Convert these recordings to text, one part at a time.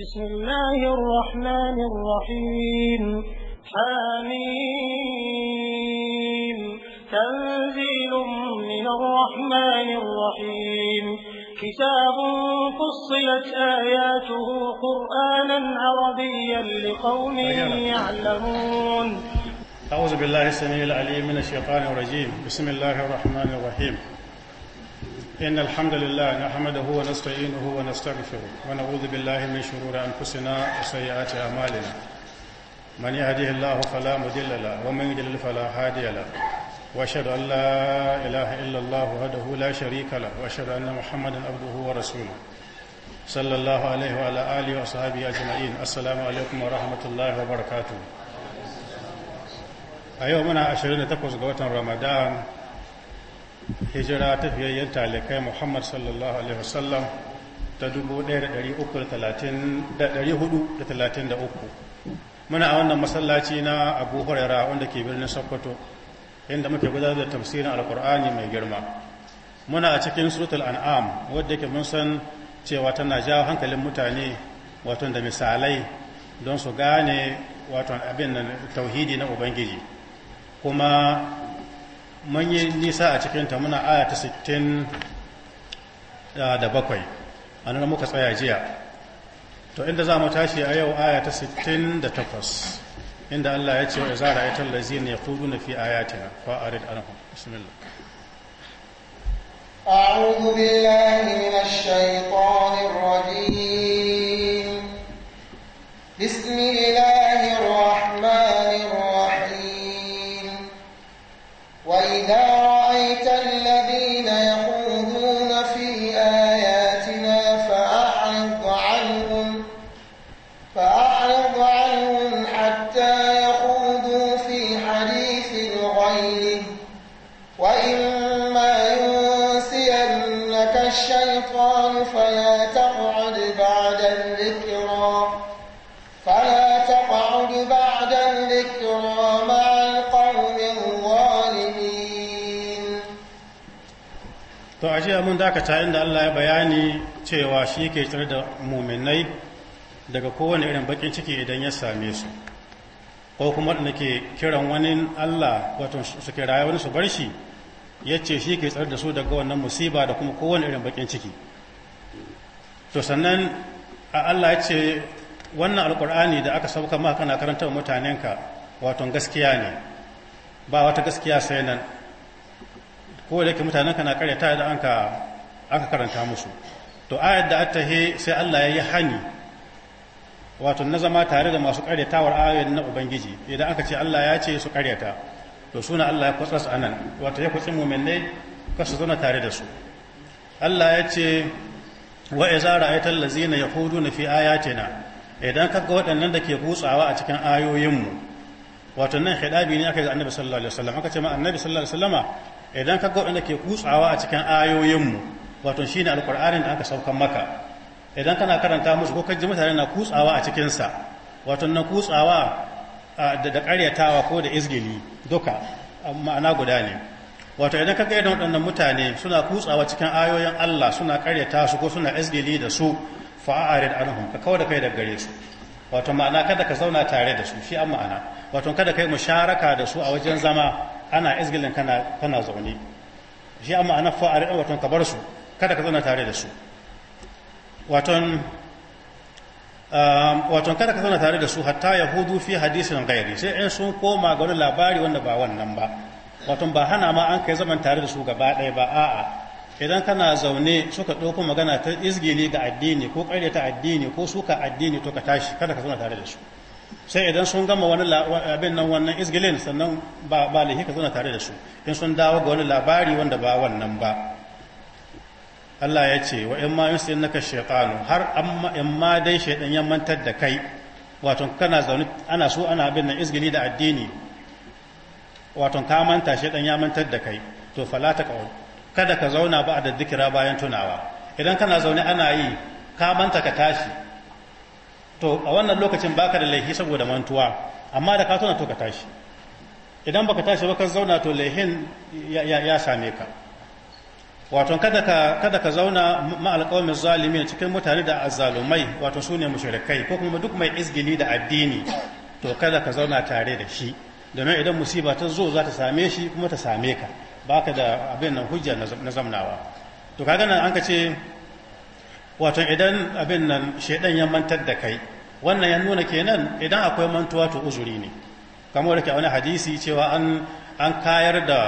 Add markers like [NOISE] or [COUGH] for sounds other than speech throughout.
بسم الله الرحمن الرحيم حميم تنزيل من الرحمن الرحيم كتاب فصلت آياته قرآنا عربيا لقوم يعلمون أعوذ بالله السميع العليم من الشيطان الرجيم بسم الله الرحمن الرحيم إن الحمد لله نحمده ونستعينه ونستغفره ونعوذ بالله من شرور أنفسنا وسيئات أعمالنا من يهده الله فلا مضل له ومن يضلل فلا هادي له وأشهد أن لا إله إلا الله وحده لا شريك له وأشهد أن محمدا عبده ورسوله صلى الله عليه وعلى آله وصحبه أجمعين السلام عليكم ورحمة الله وبركاته a yau muna 28 ga watan ramadan hijira ta fiyayyen talikai muhammad sallallahu alaihi wasallam ta 1433 muna a wannan masallaci na abu huraira wanda ke birnin sokoto inda muke gudanar da tafsirin alkur'ani mai girma muna a cikin surutul an'am wadda ke mun san cewa tana jawo hankalin mutane wato da misalai don su gane wato abin nan tauhidi na ubangiji kuma mun yi nisa a cikinta muna aya ta 67 ah, a nan muka tsaya jiya to inda za mu tashi a yau aya ta 68 inda Allah ya ce wa izara ayatul lazina na fi ayatina fa a rid anahu bismillah أعوذ بالله من الشيطان الرجيم بسم الله الرحمن فإذا jiya mun dakata inda Allah ya bayani cewa shi ke tsar da muminai daga kowane irin bakin ciki idan ya same su ko kuma da ke kiran wani Allah wato su kira wani su bar shi ya ce shi ke tsar da su daga wannan musiba da kuma kowane irin bakin ciki to sannan a Allah ya ce wannan alkur'ani da aka sauka maka kana karanta mutanenka wato gaskiya ne ba wata gaskiya sai nan ko da yake mutanen na karyata da an ka karanta musu to ayar da attahe sai Allah ya yi hani wato na zama tare da masu karyatawar ayoyin na ubangiji idan aka ce Allah ya ce su karyata to suna Allah ya kwatsa su anan wato ya kwatsi mu'minai ka su zauna tare da su Allah ya ce wa iza ra'aita allazina yahuduna fi ayatina idan kaga waɗannan da ke gutsawa a cikin ayoyinmu wato nan hidabi ne aka yi annabi sallallahu alaihi wasallam aka ce ma annabi sallallahu alaihi wasallama idan ka ga ke kutsawa a cikin ayoyinmu wato ne alkur'anin da aka saukan maka idan kana karanta musu ko kaji mutane na kutsawa a cikinsa, wato na kutsawa da karyatawa ko da izgili duka ma'ana guda ne wato idan ka ga waɗannan mutane suna kutsawa cikin ayoyin Allah suna karyata su ko suna izgili da su fa'arid anhum ka kawar da kai daga gare su wato ma'ana kada ka zauna tare da su shi an ma'ana wato kada kai musharaka da su a wajen zama ana izgilin kana kana zaune shi amma ana fa'ar waton watan su kada ka zauna tare da su um, waton kada ka zauna tare da su hatta yahudu fi hadisin gairi sai in sun koma ga wani labari wanda ba wannan ba waton ba hana ma an kai zaman tare da su gaba ɗaya ba a'a idan kana zaune suka ɗauko magana ta izgili ga addini ko ta addini ko suka addini to ka tashi kada ka zauna tare da su sai idan sun gama wani abin nan wannan isgilin sannan ba ba lahi ka zauna tare da su in sun dawo ga wani labari wanda ba wannan ba Allah ya ce wa in ma yusin naka shaytanu har amma in ma dai shaytan ya mantar da kai wato kana zaune ana so ana abin nan isgili da addini wato ka manta shaytan ya mantar da kai to fala ta qaul kada ka zauna ba da zikira bayan tunawa idan kana zaune ana yi ka manta ka tashi to a wannan lokacin baka da laihi saboda mantuwa amma da ka tona to ka tashi idan baka tashi ba ka zauna to laihin ya same ka wato kada ka kada ka zauna ma qaumiz zalimin cikin mutane da azzalumai wato sune mushrikai ko kuma duk mai izgili da addini to kada ka zauna tare da shi domin idan musiba ta zo za ta same shi kuma ta same ka baka da abin nan hujja na zamnawa to kaga nan an ka ce wato idan abin nan shedan ya mantar da kai wannan ya nuna kenan idan akwai mantuwa to uzuri ne kamar da wani hadisi cewa an kayar da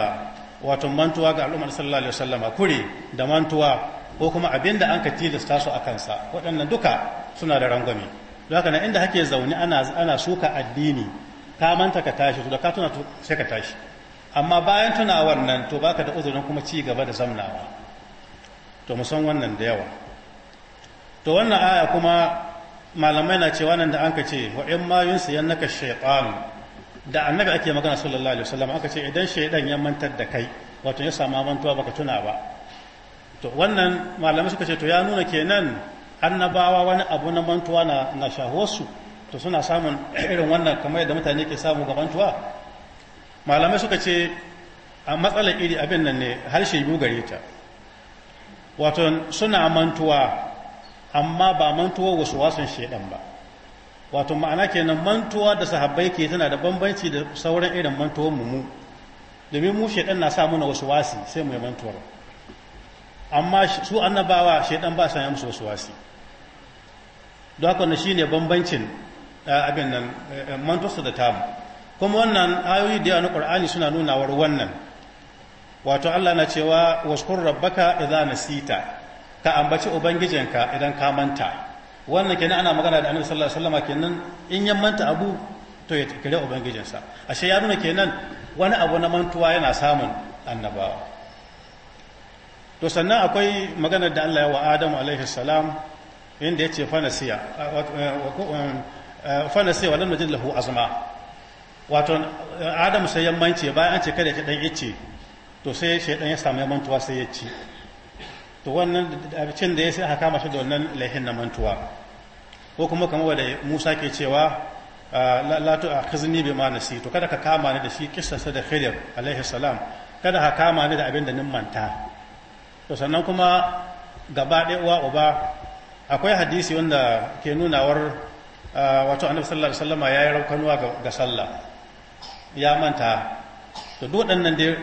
wato mantuwa ga al'ummar sallallahu alaihi wasallam kure da mantuwa ko kuma abin da an ka tilasta su a kansa waɗannan duka suna da rangwame don haka inda hake zaune ana ana suka addini ka manta ka tashi to da ka tuna sai ka tashi amma bayan tunawar nan to baka da uzurin kuma ci gaba da zamnawa to mu san wannan da yawa to wannan aya kuma malamai na cewa nan da an ka ce wa in ma yunsi naka shaytan da annabi ake magana sallallahu alaihi wasallam aka ce idan shaydan ya mantar da kai wato ya samu mantuwa baka tuna ba to wannan malamai suka ce to ya nuna kenan annabawa wani abu na mantuwa na na shahuwarsu to suna samun irin wannan kamar yadda mutane ke samu ga mantuwa malamai suka ce a matsalar iri abin nan ne harshe biyu gare ta wato suna mantuwa amma ba wasu wasan shaidan ba wato ma'ana kenan mantuwa da sahabbai ke tana da bambanci da sauran irin mantuwan mu mu domin mu shaidan na sa wasu wasi sai mu yi mantuwar amma su annabawa shaidan ba sa yi musu wasi don haka shi ne bambancin abin nan eh, eh, mantuwarsa da tamu kuma wannan ayoyi da yawa na qur'ani suna nunawar wannan wato Allah na cewa waskur rabbaka idza nasita ka ambaci ubangijinka idan ka manta wannan kenan ana magana da annabi sallallahu alaihi wasallam kenan in ya manta abu to ya kire ubangijinsa ashe ya nuna kenan wani abu na mantuwa yana samun annabawa to sannan akwai maganar da Allah ya wa Adam alaihi salam inda ya ce eh, fa nasiya wa lam najid lahu azma wato Adam sai ya mance bayan an ce kada ki dan ice to sai shaydan ya samu mantuwa sai ya ci to wannan abincin da ya sai aka kama shi da wannan laihin na mantuwa ko kuma kamar wanda Musa ke cewa ah, a kazini bai ma nasi to kada ka kama ni da shi kissarsa da Khidir alaihi salam kada ka kama ni da abin da nin manta to sannan kuma gaba ɗaya uwa uba akwai hadisi wanda ke nunawar ah, wato annabi sallallahu alaihi wasallam ya yi raukanuwa ga sallah ya manta to duk waɗannan dai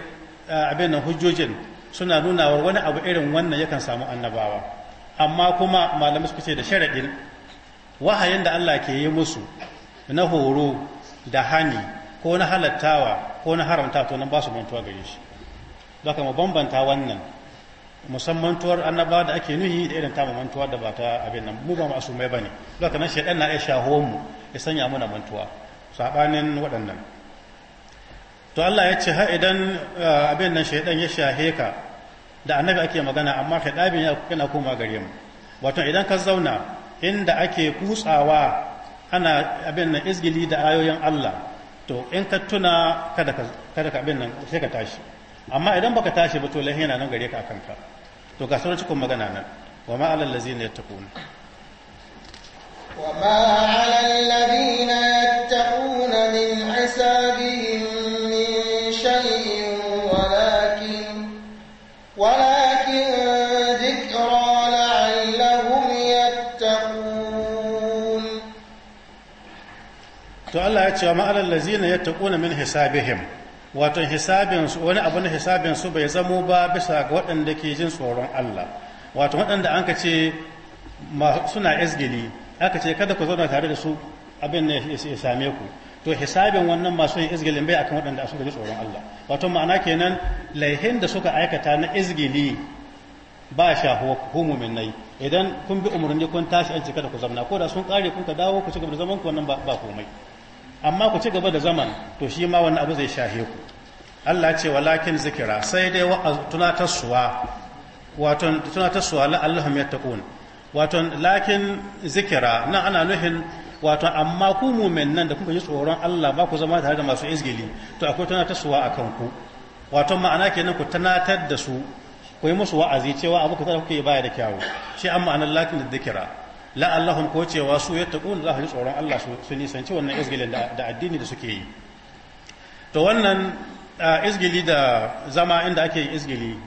ah, abin nan hujjojin suna nunawar wani abu irin wannan yakan samu annabawa amma kuma malamai suka ce da sharaɗin wahayin da Allah ke yi musu na horo da hani ko na halattawa ko na haramta to nan ba su mantuwa gare shi don mu bambanta wannan musamman tuwar annaba da ake nuhi da irin tamu mantuwa da ba ta abin nan mu ba mu asumai bane ne haka nan shaidan na iya shaho mu ya sanya muna mantuwa sabanin waɗannan to Allah ya ce ha idan ah, abin nan shaidan ya shahe ka da annabi ake magana amma hidabin yana koma gare mu wato idan ka zauna inda ake kutsawa ana abin nan izgili da ayoyin Allah to in ka tuna kada ka kada ka abin nan sai ka tashi amma idan baka tashi ba to lahin yana nan gare ka akan ka to ga sauran cikin magana nan wa ma alal ladzina yattaquna wa ma alal ladzina yattaquna min hisabi cewa ma'alar lazina ya taƙuna min hisabihim wato hisabinsu wani abu na hisabinsu bai zamo ba bisa ga waɗanda ke jin tsoron Allah wato waɗanda an ka ce suna izgili aka ce kada ku zauna tare da su abin ne ya same ku to hisabin wannan masu yin izgilin bai akan waɗanda suka ji tsoron Allah wato ma'ana kenan laihin da suka aikata na izgili ba sha hukumu ku nai idan kun bi umarni kun tashi an cika da ku zamna ko da sun kare kun ka dawo ku cika da zaman ku wannan ba komai amma ku ci gaba da zaman to shi ma wani abu zai shahe ku Allah ce walakin zikira sai dai wa tunatarsuwa wato tunatarsuwa la Allahum yattaqun wato lakin zikira nan ana nuhin wato amma ku nan da kuka yi tsoron Allah ba ku zama tare da masu izgili to akwai tunatarsuwa akan ku wato ma'ana kenan ku tunatar da su ku yi musu wa'azi cewa abu kaza kuke baya da kyawu shi amma anan lakin zikira la'allahum ko cewa su ya taqul za su tsoron Allah su nisanci wannan izgilin da addini da suke yi to wannan izgili da zama inda ake yin izgili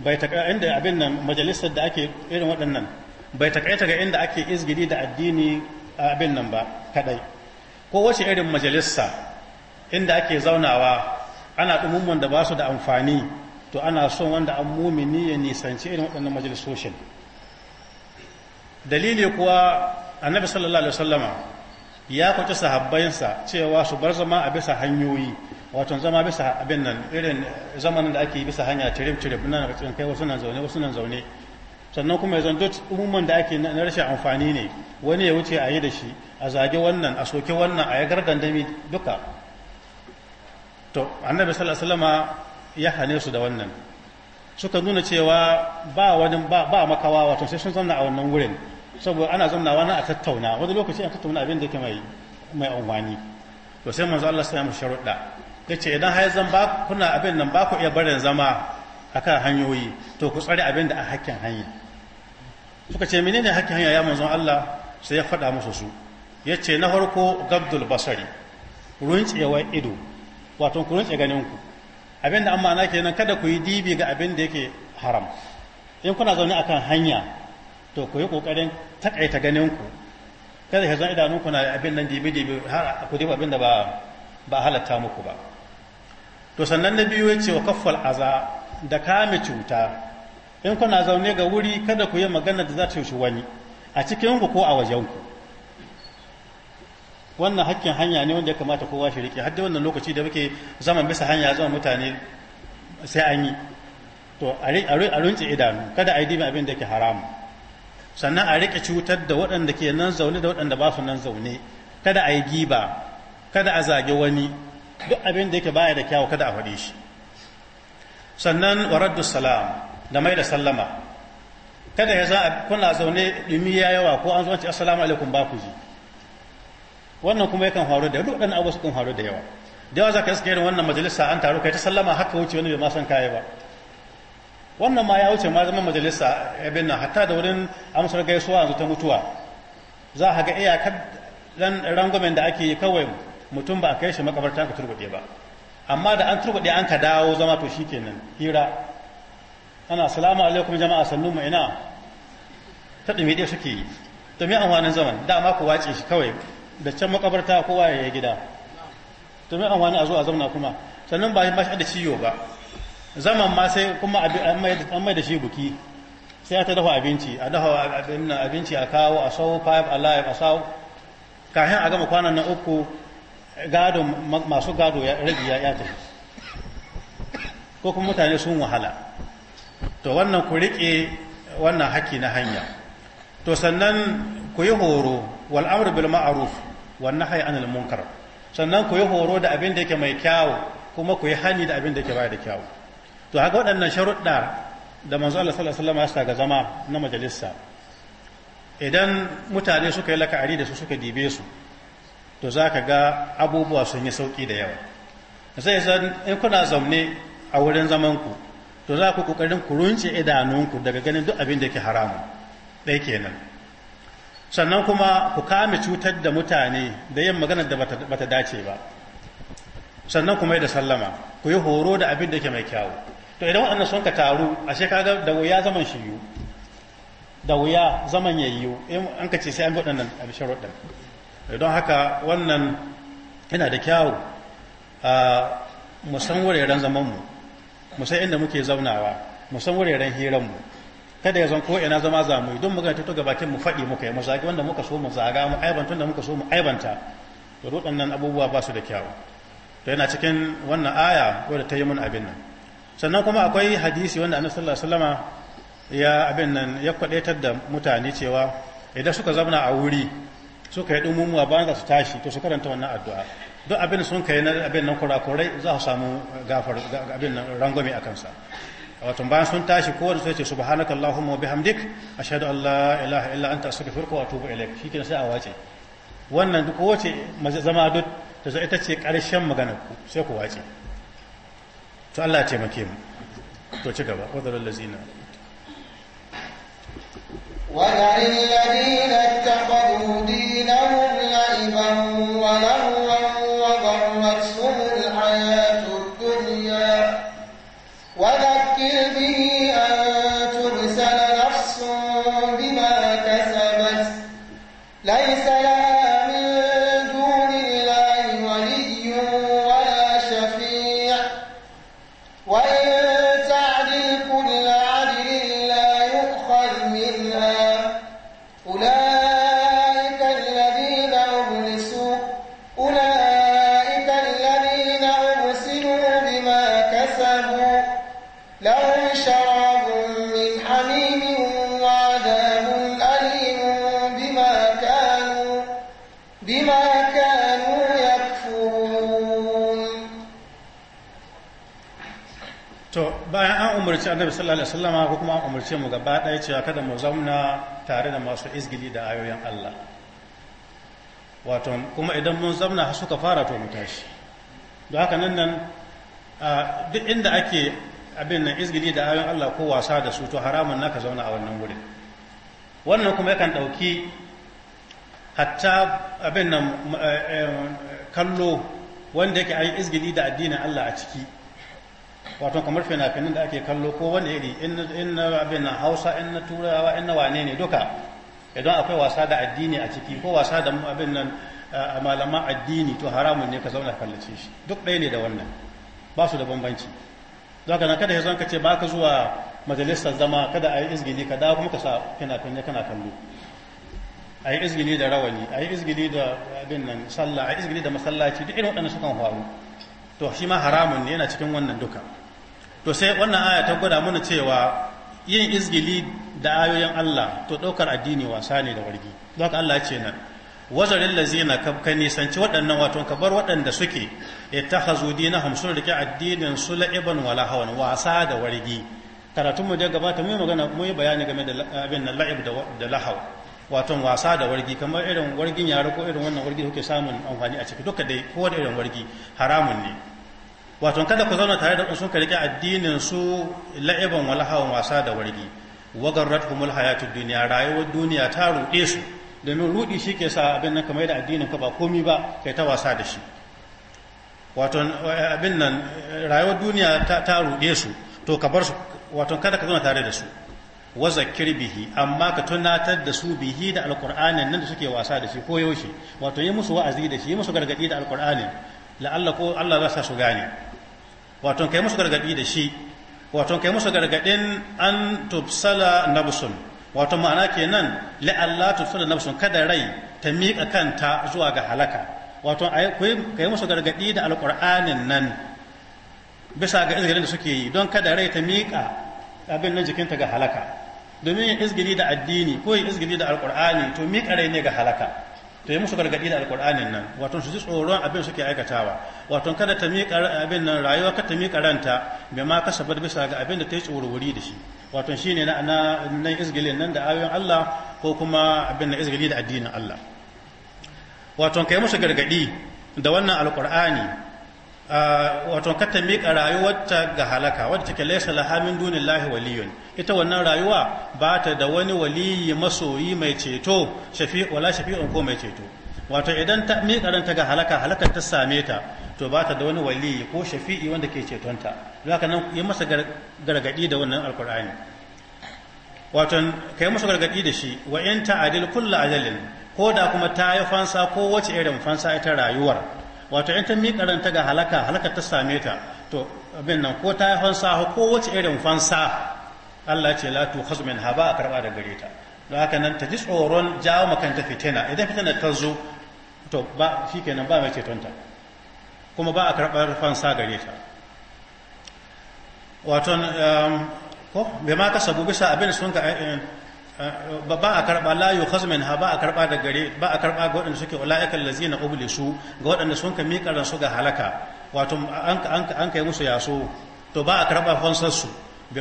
bai taka inda abin nan majalisar da ake irin waɗannan bai taƙaita ga inda ake izgili da addini a abin nan ba kaɗai. ko wace irin majalisa inda ake zaunawa ana ɗumumman da ba su da amfani to ana son wanda an mumini ya nisanci irin waɗannan majalisoshin dalili kuwa annabi sallallahu alaihi wasallama ya kwace sahabbainsa cewa su bar zama a bisa hanyoyi wato zama bisa abin nan irin zamanin da ake yi bisa hanya tirim tirim nan ga kai wasu nan zaune wasu nan zaune sannan kuma yanzu duk umuman da ake na rashin amfani ne wani ya wuce a yi da shi a zage wannan a soke wannan a ya gardandami duka to annabi sallallahu alaihi wasallama ya hane su da wannan suka nuna cewa ba wani ba makawa wato sai sun zauna a wannan wurin saboda ana zamnawa na a tattauna wani lokaci a tattauna abin da yake mai mai unwani to sai manzo Allah sai mu sharuɗa yace idan har zan ba kuna abin nan ba ku iya barin zama akan hanyoyi to ku tsare abin da a hakkin hanya suka ce menene hakkin hanya ya manzo Allah sai ya faɗa musu su ya ce na farko gabdul basari runtsewar ido wato ku runtse ganin ku abin da amma na kenan kada ku yi dibi ga abinda da yake haram in kuna zaune akan hanya to ku yi ƙoƙarin taƙaita ganinku kada ya zan idanunku na abin nan dibi-dibi har ku dibi abin da ba ba halatta muku ba to sannan na biyu ya ce wa kaffal aza da kame cuta in kuna zaune ga wuri kada ku yi magana da za ta yi wani a cikinku ko a wajenku wannan hakkin hanya ne wanda ya kamata kowa shi rike har da wannan lokaci da muke zaman bisa hanya zaman mutane sai an yi to a rinci idanu kada a yi dibin abin da ke haramu sannan a riƙe cutar da waɗanda ke nan zaune da waɗanda ba su nan zaune kada a yi giba kada a zage wani duk abin da yake baya da kyawu kada a faɗe shi sannan waraddu salam da mai da sallama kada ya za kuna zaune ɗumi ya yawa ko an zuwanci assalamu alaikum ba ku ji wannan kuma yakan faru da duk waɗannan abubuwa sukan faru da yawa da yawa za ka yi irin wannan majalisa an taru kai ta sallama haka wuce wani bai ma san kaya ba wannan ma ya wuce ma zama majalisa abin nan hatta da wurin amsar gaisuwa yanzu ta mutuwa za a ga iyakar rangwamen da ake yi kawai mutum ba a kai shi makabarta ka turbuɗe ba amma da an turbuɗe an ka dawo zama to shi kenan hira ana salamu alaikum jama'a sannu mu ina ta ɗumi ɗaya suke yi to me amfanin zaman ma ku wace shi kawai da can makabarta kowa ya yi gida to me amfanin a zo a zauna kuma sannan ba shi da ciwo ba zaman ma sai kuma an mai da shi buki sai ta dafa abinci a dafa abinci a kawo a sau five alive a sau kafin a gama kwanan na uku gado masu gado ya rage ya tafi ko kuma mutane sun wahala to wannan ku riƙe wannan haƙƙi na hanya to sannan ku yi horo wal amru bil ma'ruf wan nahyi anil munkar sannan ku yi horo da abin da yake mai kyawu kuma ku yi hani da abin da yake bayar da kyawu to haka waɗannan sharuɗa da manzo Allah sallallahu alaihi wasallam ya ga zama na majalisa idan mutane suka yi laka'ari da su suka dibe su to za ga abubuwa sun yi sauki da yawa sai san in kuna zaune a wurin zaman ku to za ku ƙoƙarin ku runce idanunku daga ganin duk abin da yake haramu ɗaya kenan sannan kuma ku kame cutar da mutane da yin maganar da bata dace ba sannan kuma yi da sallama ku yi horo da abin da yake mai kyau. to idan waɗannan sun ka taru ashe kaga da wuya zaman shi yiwu da wuya zaman ya yiwu in an ka ce sai an bi waɗannan abishin roɗin don haka wannan yana da kyawu a musan wuraren zamanmu musan inda muke zaunawa musan wuraren hiranmu kada ya zan ko ina zama za mu don muka tuto ga bakin mu faɗi muka yi mu zagi wanda muka so mu zaga mu aibanta wanda muka so mu aibanta to nan abubuwa ba su da kyawu to yana cikin wannan aya wadda ta yi mun abin nan sannan kuma akwai hadisi wanda annabi sallallahu alaihi wasallama ya abin nan ya kwadaitar da mutane cewa idan suka zauna a wuri suka yi dumumuwa bayan za su tashi to su karanta wannan addu'a duk abin sun kai na abin nan kurakurai za su samu gafar abin nan rangwame a kansa wato bayan sun tashi ko wanda ce subhanaka allahumma wa bihamdik ashhadu an la ilaha illa anta astaghfiruka wa atubu ilaik shikenan sai a wace wannan duk kowace zama duk ta ita ce karshen maganar ku sai ku wace to Allah taimake mu to ci gaba wadarul lazina وذر الذين اتخذوا دينهم umarci annabi sallallahu alaihi wasallama ko kuma an mu gaba ɗaya cewa kada mu zauna tare da masu izgili da ayoyin Allah wato kuma idan mun zauna har suka fara to mu tashi don haka nan nan duk inda ake abin nan izgili da ayoyin Allah ko wasa da su to haramun naka zauna a wannan wurin wannan kuma yakan ɗauki hatta abin nan eh, eh, kallo wanda yake ayi izgili da addinin Allah a ciki wato kamar fina-finan da ake kallo ko wani iri in na abin na hausa in na turawa in na wane ne duka idan akwai wasa da addini a ciki ko wasa da abin nan a eh, malaman addini to haramun ne ka zauna kallace shi duk ɗaya ne da wannan ba su da bambanci Za ka na kada ya zanka ce ba ka zuwa majalisar zama kada a yi izgili ka dawo kuma ka sa fina-finai kana kallo a yi izgili da rawani a yi izgili da abin nan sallah a yi izgili da masallaci duk irin waɗannan sukan faru to shi ma haramun ne yana cikin wannan duka to sai wannan aya ta gwada mana cewa yin izgili da ayoyin Allah to ɗaukar addini wasa ne da wargi don Allah ya ce nan wazarin lazina ka nisanci waɗannan wato ka bar waɗanda suke ittakhazu dinahum sun rike addinin su la'iban wala hawan wasa da wargi karatun mu da gabata mu magana mu yi bayani game da abin nan la'ib da lahaw wato wasa da wargi kamar irin wargin yare ko irin wannan wargi kuke samun amfani a ciki duka dai ko wani irin wargi haramun ne wato kada ku zauna tare da ku sun karki addinin su la'iban wala hawan wasa da wargi wagarrat humul hayatud duniya rayuwar duniya ta ruɗe su domin ruɗi shi ke sa abin nan kamar da addinin ka ba komi ba kai ta wasa da shi wato abin nan rayuwar duniya ta ruɗe su to ka bar su wato kada ka zauna tare da su wazakir bihi amma ka tunatar da su bihi da alqur'anin nan da suke wasa da shi ko yaushe wato yi musu wa'azi da shi yi musu gargadi da alqur'anin la'alla ko Allah za su gane wato kai musu gargadi da shi wato kai musu gargaɗin an tubsala nafsun wato ma'ana kenan la Allah tubsala nafsun kada rai ta miƙa kanta zuwa ga halaka wato kai musu gargadi da alqur'anin nan bisa ga izgirin da suke yi don kada rai ta miƙa abin nan jikinta ga halaka domin yin izgiri da addini ko yin izgiri da alqur'ani to miƙa rai ne ga halaka to yi musu gargadi da alkur'anin nan wato su ji tsoron abin suke aikatawa wato kada ta miƙa abin nan rayuwa kada ta miƙa ranta mai ma kasa bar bisa ga abin da ta yi tsorowuri da shi wato shine na na izgilin nan da ayoyin Allah ko kuma abin na izgili da addinin Allah wato yi musu gargadi da wannan alkur'ani Ah, wato kata miƙa rayuwarta ga halaka wadda take laisa laha min dunillahi waliyun ita wannan rayuwa ba ta da wani waliyi masoyi mai ceto wala shafi'un ko mai ceto wato idan ta miƙa ranta ga halaka halakar ta same ta to ba ta da wani waliyi ko shafi'i wanda ke cetonta don haka nan yi masa gargaɗi da wannan alkur'ani wato kai masa gargadi da shi wa in adil kullu ajalin ko da kuma ta yi fansa ko wace irin fansa ita rayuwar wato in ta miƙa ga halaka halaka ta same ta to abin nan ko ta yi fansa ko wace irin fansa Allah ce la tu min haba a karba da gare ta don haka nan ta ji tsoron jawo ta fitina idan fitina ta zo to ba shi kenan ba mai ceton ta kuma ba a karɓar fansa gare ta wato um, ko bai ma kasa bisa abin sun ka eh, eh, ba a karba la yu khazmin ha ba a karba da gare ba a karba ga waɗanda suke ulaika allazina ublisu ga waɗanda sun ka miƙa ransu ga halaka wato an ka kai musu yaso to ba a karba fansar su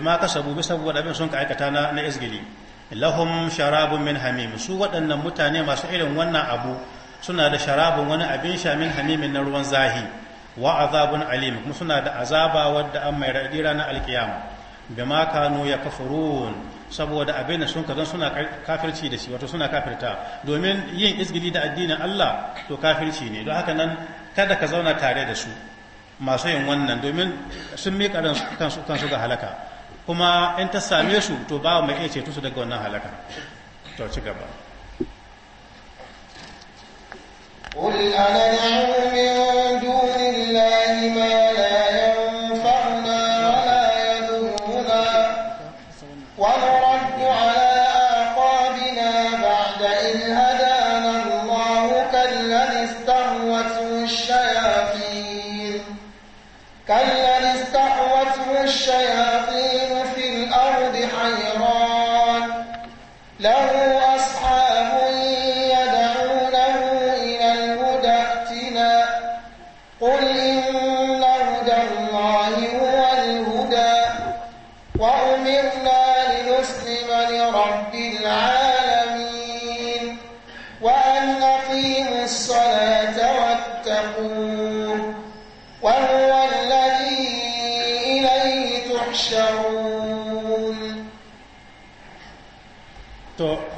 ma kasabu bi sabu abin sun ka aikata na na izgili lahum sharabun min hamim su waɗannan mutane masu irin wannan abu suna da sharabun wani abin sha min hamimin na ruwan zahi wa azabun alim kuma suna da azaba wadda an mai radira na alkiyama bima kanu yakfurun saboda abin da sun ka suna kafirci da shi wato suna kafirta domin yin izgili da addinin Allah to kafirci ne don haka nan kada ka zauna tare da su masu yin wannan domin sun miƙa kansu kansu ga halaka kuma in ta same su to ba mai iya ceto su daga wannan halaka to ci gaba قل أنا نعم من دون الله ما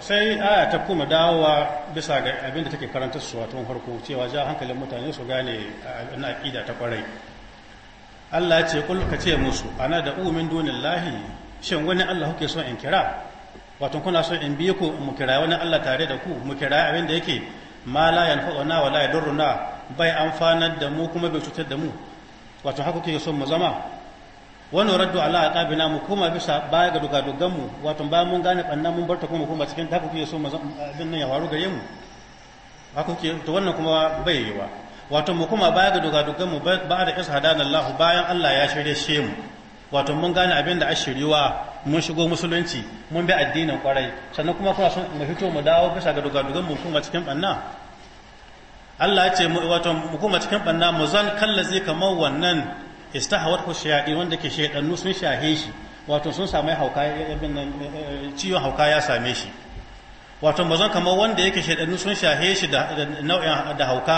sai aya ta kuma dawowa bisa ga abin da take karanta su wato farko cewa ja hankalin mutane su gane na aqida ta kwarai Allah ya ce kullu ka ce musu ana da umin lahi shin wani Allah kuke so in kira wato kuna so in biye ku mu kira wani Allah tare da ku mu kira abin da yake ma la yanfa'una wa la yadurruna bai amfanar da mu kuma bai cutar da mu wato haka kuke so mu zama wani raddu ala aqabina mu koma bisa baya ga dugadugan mu wato bayan mun gane bannan mun barta kuma koma cikin haka kuke so mu abin nan ya waru gare mu haka kuke to wannan kuma bai yiwa wato mu koma baya ga dugadugan mu ba da ishadana Allah bayan Allah ya shirye shi mu wato mun gane abin da ashiriwa mun shigo musulunci mun bi addinin kwarai sannan kuma kuna son mu fito mu dawo bisa ga dugadugan mu kuma cikin banna Allah ya ce wato mu koma cikin banna mu zan kallazi kamar wannan istahawat hu shayadi wanda ke shaydanu sun shahe shi wato sun samu hauka yabin eh, eh, nan eh, ciwon hauka ya same shi wato bazan kamar wanda yake shaydanu sun shahe shi da nau'in da hauka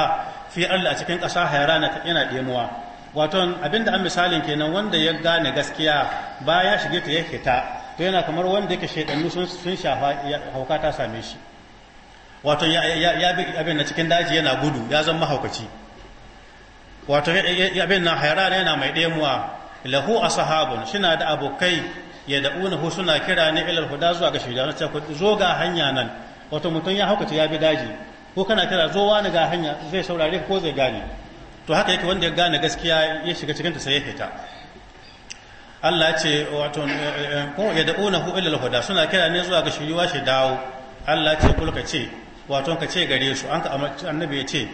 fi Allah a cikin ƙasa hayrana yana demuwa wato abinda an misalin kenan wanda ya gane gaskiya baya shige ta yake ta to yana kamar wanda yake shaydanu sun sun shafa hauka ta same shi wato ya ya abin na cikin daji yana gudu ya zama haukaci wato abin na hairan yana mai ɗemuwa lahu a sahabun suna da abokai ya Unahu suna kira ne ilar huda zuwa ga shirya na ku zo ga hanya nan wato mutum ya haukata ya bi daji ko kana kira zo wani ga hanya zai saurare ko zai gane to haka yake wanda ya gane gaskiya ya shiga cikin ta sai ya fita Allah ya ce wato eh, eh, ko ya unahu ilar huda suna kira ne zuwa ga shiriwa shi dawo Allah ya ce kulka ce wato ka ce gare su an ka annabi ya ce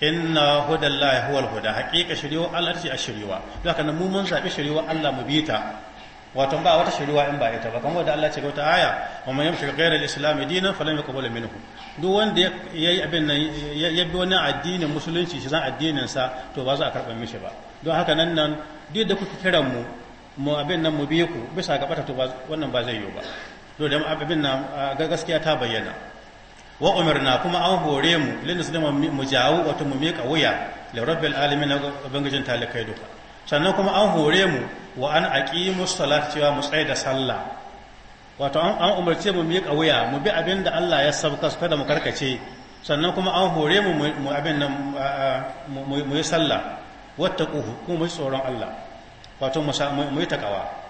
inna hudallahi huwal huda haqiqa shiriwa Allah ce a shiriwa don haka mu mun zabi shiriwa Allah mu bi ta wato ba wata shiriwa in ba ita ba kamar wanda Allah ce ga wata aya wa man yamshi ghayra al-islam dinan falan yuqbal minhu duk wanda yayi abin nan ya bi wani addinin musulunci shi zan addinin sa to ba za a karba mishi ba don haka nan nan duk da kuke kiran mu mu abin nan mu bi ku bisa ga bata to wannan ba zai yiwu ba to da abin nan gaskiya ta bayyana wa umarna kuma an hore mu lin muslima mu jawo wato mu meka wuya li rabbil alamin na ubangijin talikai duka sannan kuma an hore mu wa an aqimu salat cewa mu tsaya da sallah wato an umarce mu meka wuya mu bi abin da Allah ya sabka su kada mu karkace sannan kuma an hore mu mu abin nan mu yi sallah wattaquhu kuma mu tsoron Allah wato mu yi takawa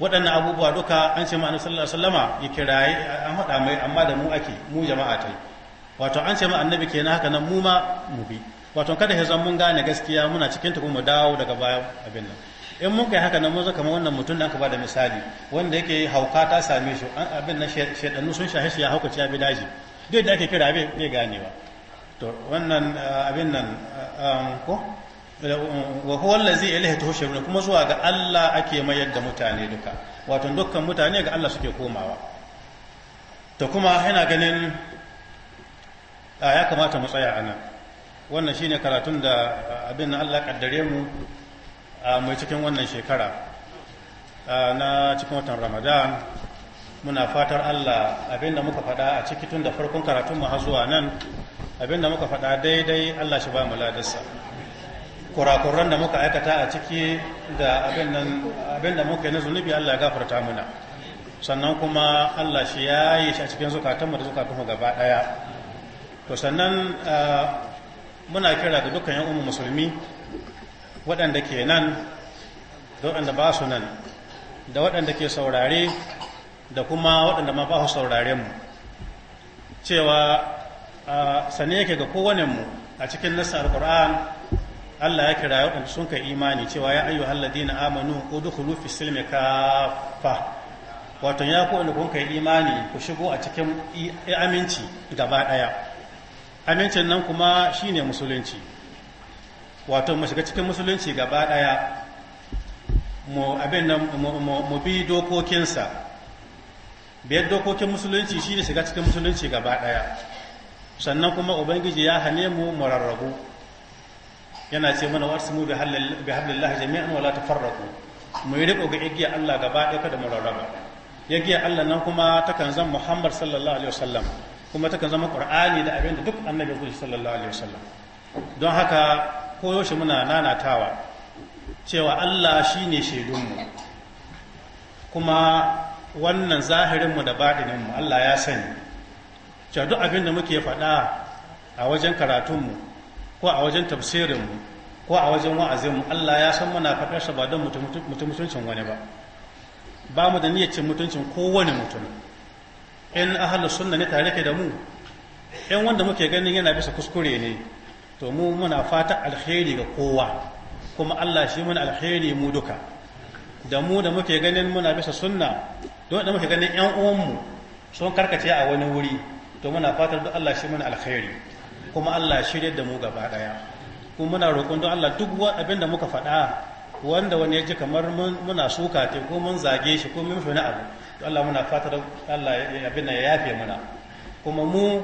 waɗannan abubuwa duka an ce ma annabi sallallahu alaihi wasallama ya kiraye an haɗa mai amma da mu ake mu jama'a tai wato an ce ma annabi kenan haka nan mu ma mu bi wato kada ya zan mun gane gaskiya muna cikin ta mu dawo daga baya abin nan in mun kai haka nan mun zo kamar wannan mutum da aka bada misali wanda yake hauka ta same shi abin nan shedannu sun shahe shi ya hauka ya bi daji duk da ake kira bai ganewa to wannan ah, abin nan ah, um, ko wa huwa allazi ilayhi tuhsharuna kuma zuwa ga Allah ake mayar da mutane duka wato dukkan mutane ga Allah suke komawa to kuma yana ganin ya kamata mu tsaya anan wannan shine karatun da abin Allah kaddare mu mai cikin wannan shekara na cikin watan Ramadan muna fatar Allah abinda muka faɗa a ciki tun da farkon karatun mu har zuwa nan abinda muka faɗa daidai Allah shi ba mu ladarsa kurakuran da muka aikata a ciki da abin da muka yi na zunubi Allah ya gafarta muna sannan kuma Allah shi ya yi shi a cikin zukatanmu da zukatanmu gaba ɗaya to sannan muna kira ga dukkan yan umar musulmi waɗanda ke nan da waɗanda ba su nan da waɗanda ke saurare da kuma waɗanda ma ba su saurare mu cewa sane yake ga kowane mu a cikin nassar Qur'an Allah ya kira yawan sun ka imani cewa ya ayyu na amanu udkhulu fi silmi kafa wato ya ku kun kai imani ku shigo a cikin aminci gaba daya amincin nan kuma shine musulunci wato mu shiga cikin musulunci gaba daya mu abin nan mu bi dokokinsa biyar dokokin musulunci shine shiga cikin musulunci gaba daya sannan kuma ubangiji ya hane mu mu rarrabu yana ce mana wasu mu bi hablillahi jami'an wala tafarraqu mu yi riko ga igiya Allah gaba ɗaya kada mu rarraba yagiya Allah nan kuma takan zama Muhammad sallallahu alaihi wasallam kuma takan zama Qur'ani da abin da duk annabi ya sallallahu alaihi wasallam don haka koyaushe muna nanatawa cewa Allah shine shaidunmu kuma wannan zahirin mu da mu Allah ya sani cewa duk abin da muke faɗa a wajen karatunmu ko a wajen tafsirinmu ko a wajen wa'azinmu Allah ya san muna faɗar sa ba don mutuncin wani ba ba mu da niyyacin cin mutuncin kowane mutum in ahalu sunna ne tare ke da mu in wanda muke ganin yana bisa kuskure ne to mu muna fata alheri ga kowa kuma Allah shi mana alheri mu duka da mu da muke ganin muna bisa sunna don da muke ganin yan uwanmu sun karkace a wani wuri to muna fatar da Allah shi muna alheri kuma Allah ya shirye da mu gaba daya kuma muna roƙon don Allah duk abin da muka faɗa wanda wani ya ji kamar muna suka te ko mun zage shi ko mun fi na abu to Allah muna fatar Allah abin da ya yafe muna kuma mu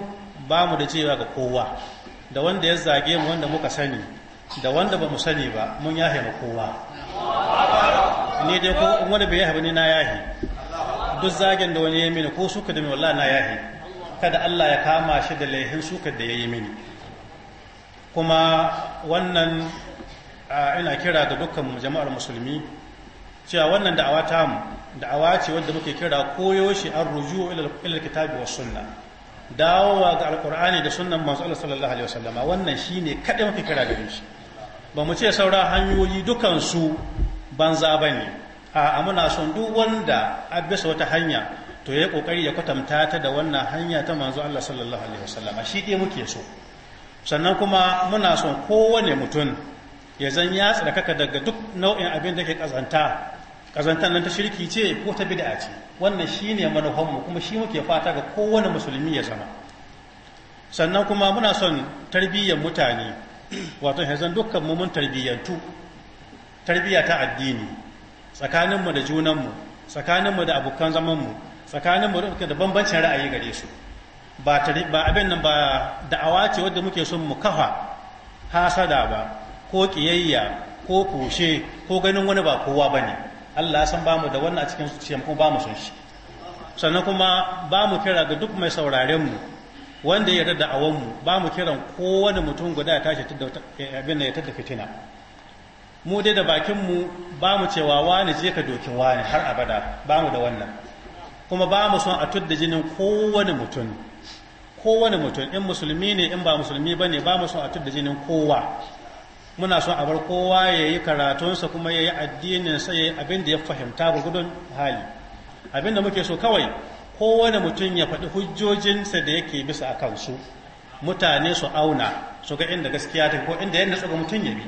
ba mu da cewa ga kowa da wanda ya zage mu wanda muka sani da wanda ba mu sani ba mun yahe ma kowa ni dai ko wani bai yahe ba ni na yahe duk zagen da wani ya mini ko suka da mai wallahi na yahe kada Allah ya kama shi da laihin sukar da ya yi mini kuma wannan ina kira ga dukkan jama'ar musulmi cewa wannan da'awa ta mu da'awa ce wadda muke kira koyo shi an ruju ilal kitabi wa sunna dawowa ga alkur'ani da sunnan manzo Allah sallallahu alaihi wasallama wannan shine kada muke kira da shi ba mu ce saura hanyoyi dukan su banza bane a muna son duk wanda a bisa wata hanya to ya kokari ya kwatanta ta da wannan hanya ta manzo Allah sallallahu alaihi wasallam shi dai muke so sannan kuma muna son kowane mutum ya zan ya tsarkaka daga duk nau'in abin da ke kazanta kazantar nan ta shirki ce ko ta bid'a ce wannan shine mu kuma shi muke fata ga kowane musulmi ya zama sannan kuma muna son tarbiyyar mutane wato zan dukkan mu mun tarbiyyantu tarbiyya ta addini tsakaninmu da junanmu tsakaninmu da abokan zamanmu tsakanin mu da bambancin ra'ayi gare su ba abin nan ba da'awa ce wadda muke son mu kafa hasada ba ko kiyayya ko kushe ko ganin wani ba kowa ba ne Allah san ba mu da wannan a cikin kuma ba mu son shi sannan kuma ba mu kira ga duk mai saurarenmu wanda ya yarda da'awan mu ba mu kiran kowane mutum guda ya tashi abin ya tada fitina mu dai da bakin mu ba mu cewa wani je ka dokin wani har abada ba mu da wannan kuma ba mu son a tudda jinin kowane mutum kowane mutum in musulmi ne in ba musulmi ba ne ba mu son a tudda jinin kowa muna son a bar kowa ya yi karatunsa kuma ya yi addininsa ya yi abin da ya fahimta gudun hali abin da muke so kawai kowane mutum ya faɗi hujjojinsa da yake bisa a kansu mutane su auna su ga inda gaskiya ta ko inda yadda tsaga mutum ya bi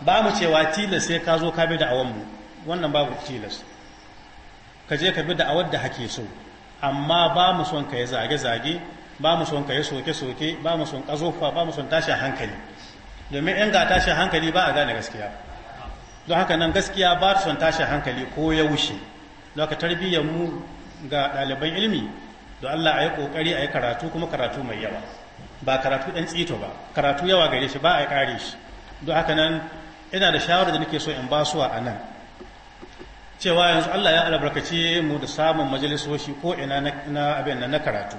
ba mu cewa tilas sai ka zo ka bi da mu wannan babu tilas ka je ka bi da awar da hake so amma ba mu son ka yi zage-zage ba mu son ka yi soke-soke ba mu son ƙazofa ba mu son tashin hankali domin 'yan ga tashin hankali ba a gane gaskiya don haka nan gaskiya ba son tashin hankali ko ya wuce don haka tarbiyyar mu ga ɗaliban ilimi don Allah a yi ƙoƙari a yi karatu kuma karatu mai yawa ba karatu ɗan tsito ba karatu yawa gare shi ba a yi ƙare shi don haka nan ina da shawarar da nake so in ba suwa a nan cewa yanzu Allah ya albarkace mu da samun majalisoshi ko ina na abin na karatu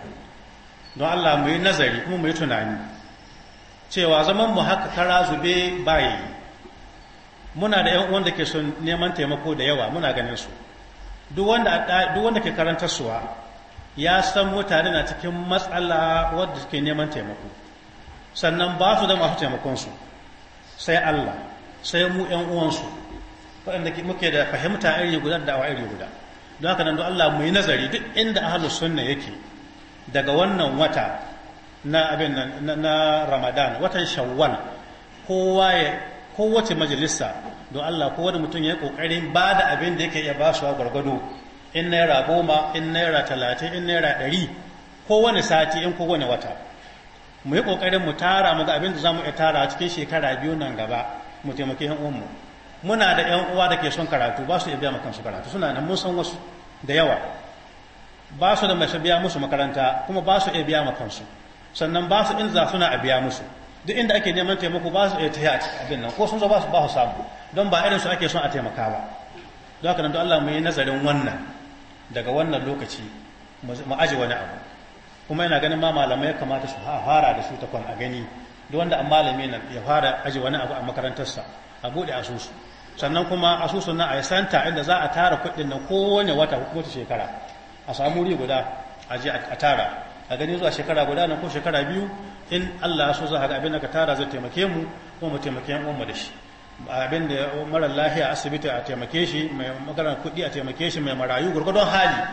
don Allah mu yi nazari kuma mu yi tunani cewa zaman mu haka kara zube baye muna da yan wanda ke son neman taimako da yawa muna ganin su duk wanda ke karantar suwa ya san mutane na cikin matsala wadda ke neman taimako sannan ba su da masu su. sai Allah sai mu yan uwansu waɗanda muke da fahimta a iri guda da awa iri guda don haka nan don Allah mu yi nazari duk inda ahlus sunna yake daga wannan wata na abin na Ramadan watan Shawwal kowa ya kowace majalisa don Allah ko wani mutum ya yi kokarin ba da abin da yake iya ba su gwargwado in naira goma in naira talatin in naira ɗari kowane sati in kowane wata mu yi kokarin mu tara mu ga abin da za mu iya tara cikin shekara biyu nan gaba mu taimaki yan uwanmu muna da yan uwa da ke son karatu ba su iya biya kansu karatu suna nan mun san wasu da yawa ba su da mai biya musu makaranta kuma ba su iya biya wa kansu sannan ba su in za suna a biya musu duk inda ake neman taimako ba su iya tafiya a abin nan ko sun zo ba su ba su samu don ba irin su ake son a taimaka ba don haka nan don Allah mu yi nazarin wannan daga wannan lokaci mu aje wani abu kuma yana ganin ma malamai kamata su fara da su ta kwan a gani duk wanda an malami nan ya fara aje wani abu a makarantarsa a buɗe asusu sannan kuma asusun nan a santa inda za a tara kudin nan kowane wata wata shekara a samu wuri guda a je a tara a gani zuwa shekara guda nan ko shekara biyu in Allah so za a ga abin da ka tara zai taimake mu ko mu taimake yan uwanmu da shi abin da marar lafiya asibiti a taimake shi mai magana kudi a taimake shi mai marayu gwargwadon hali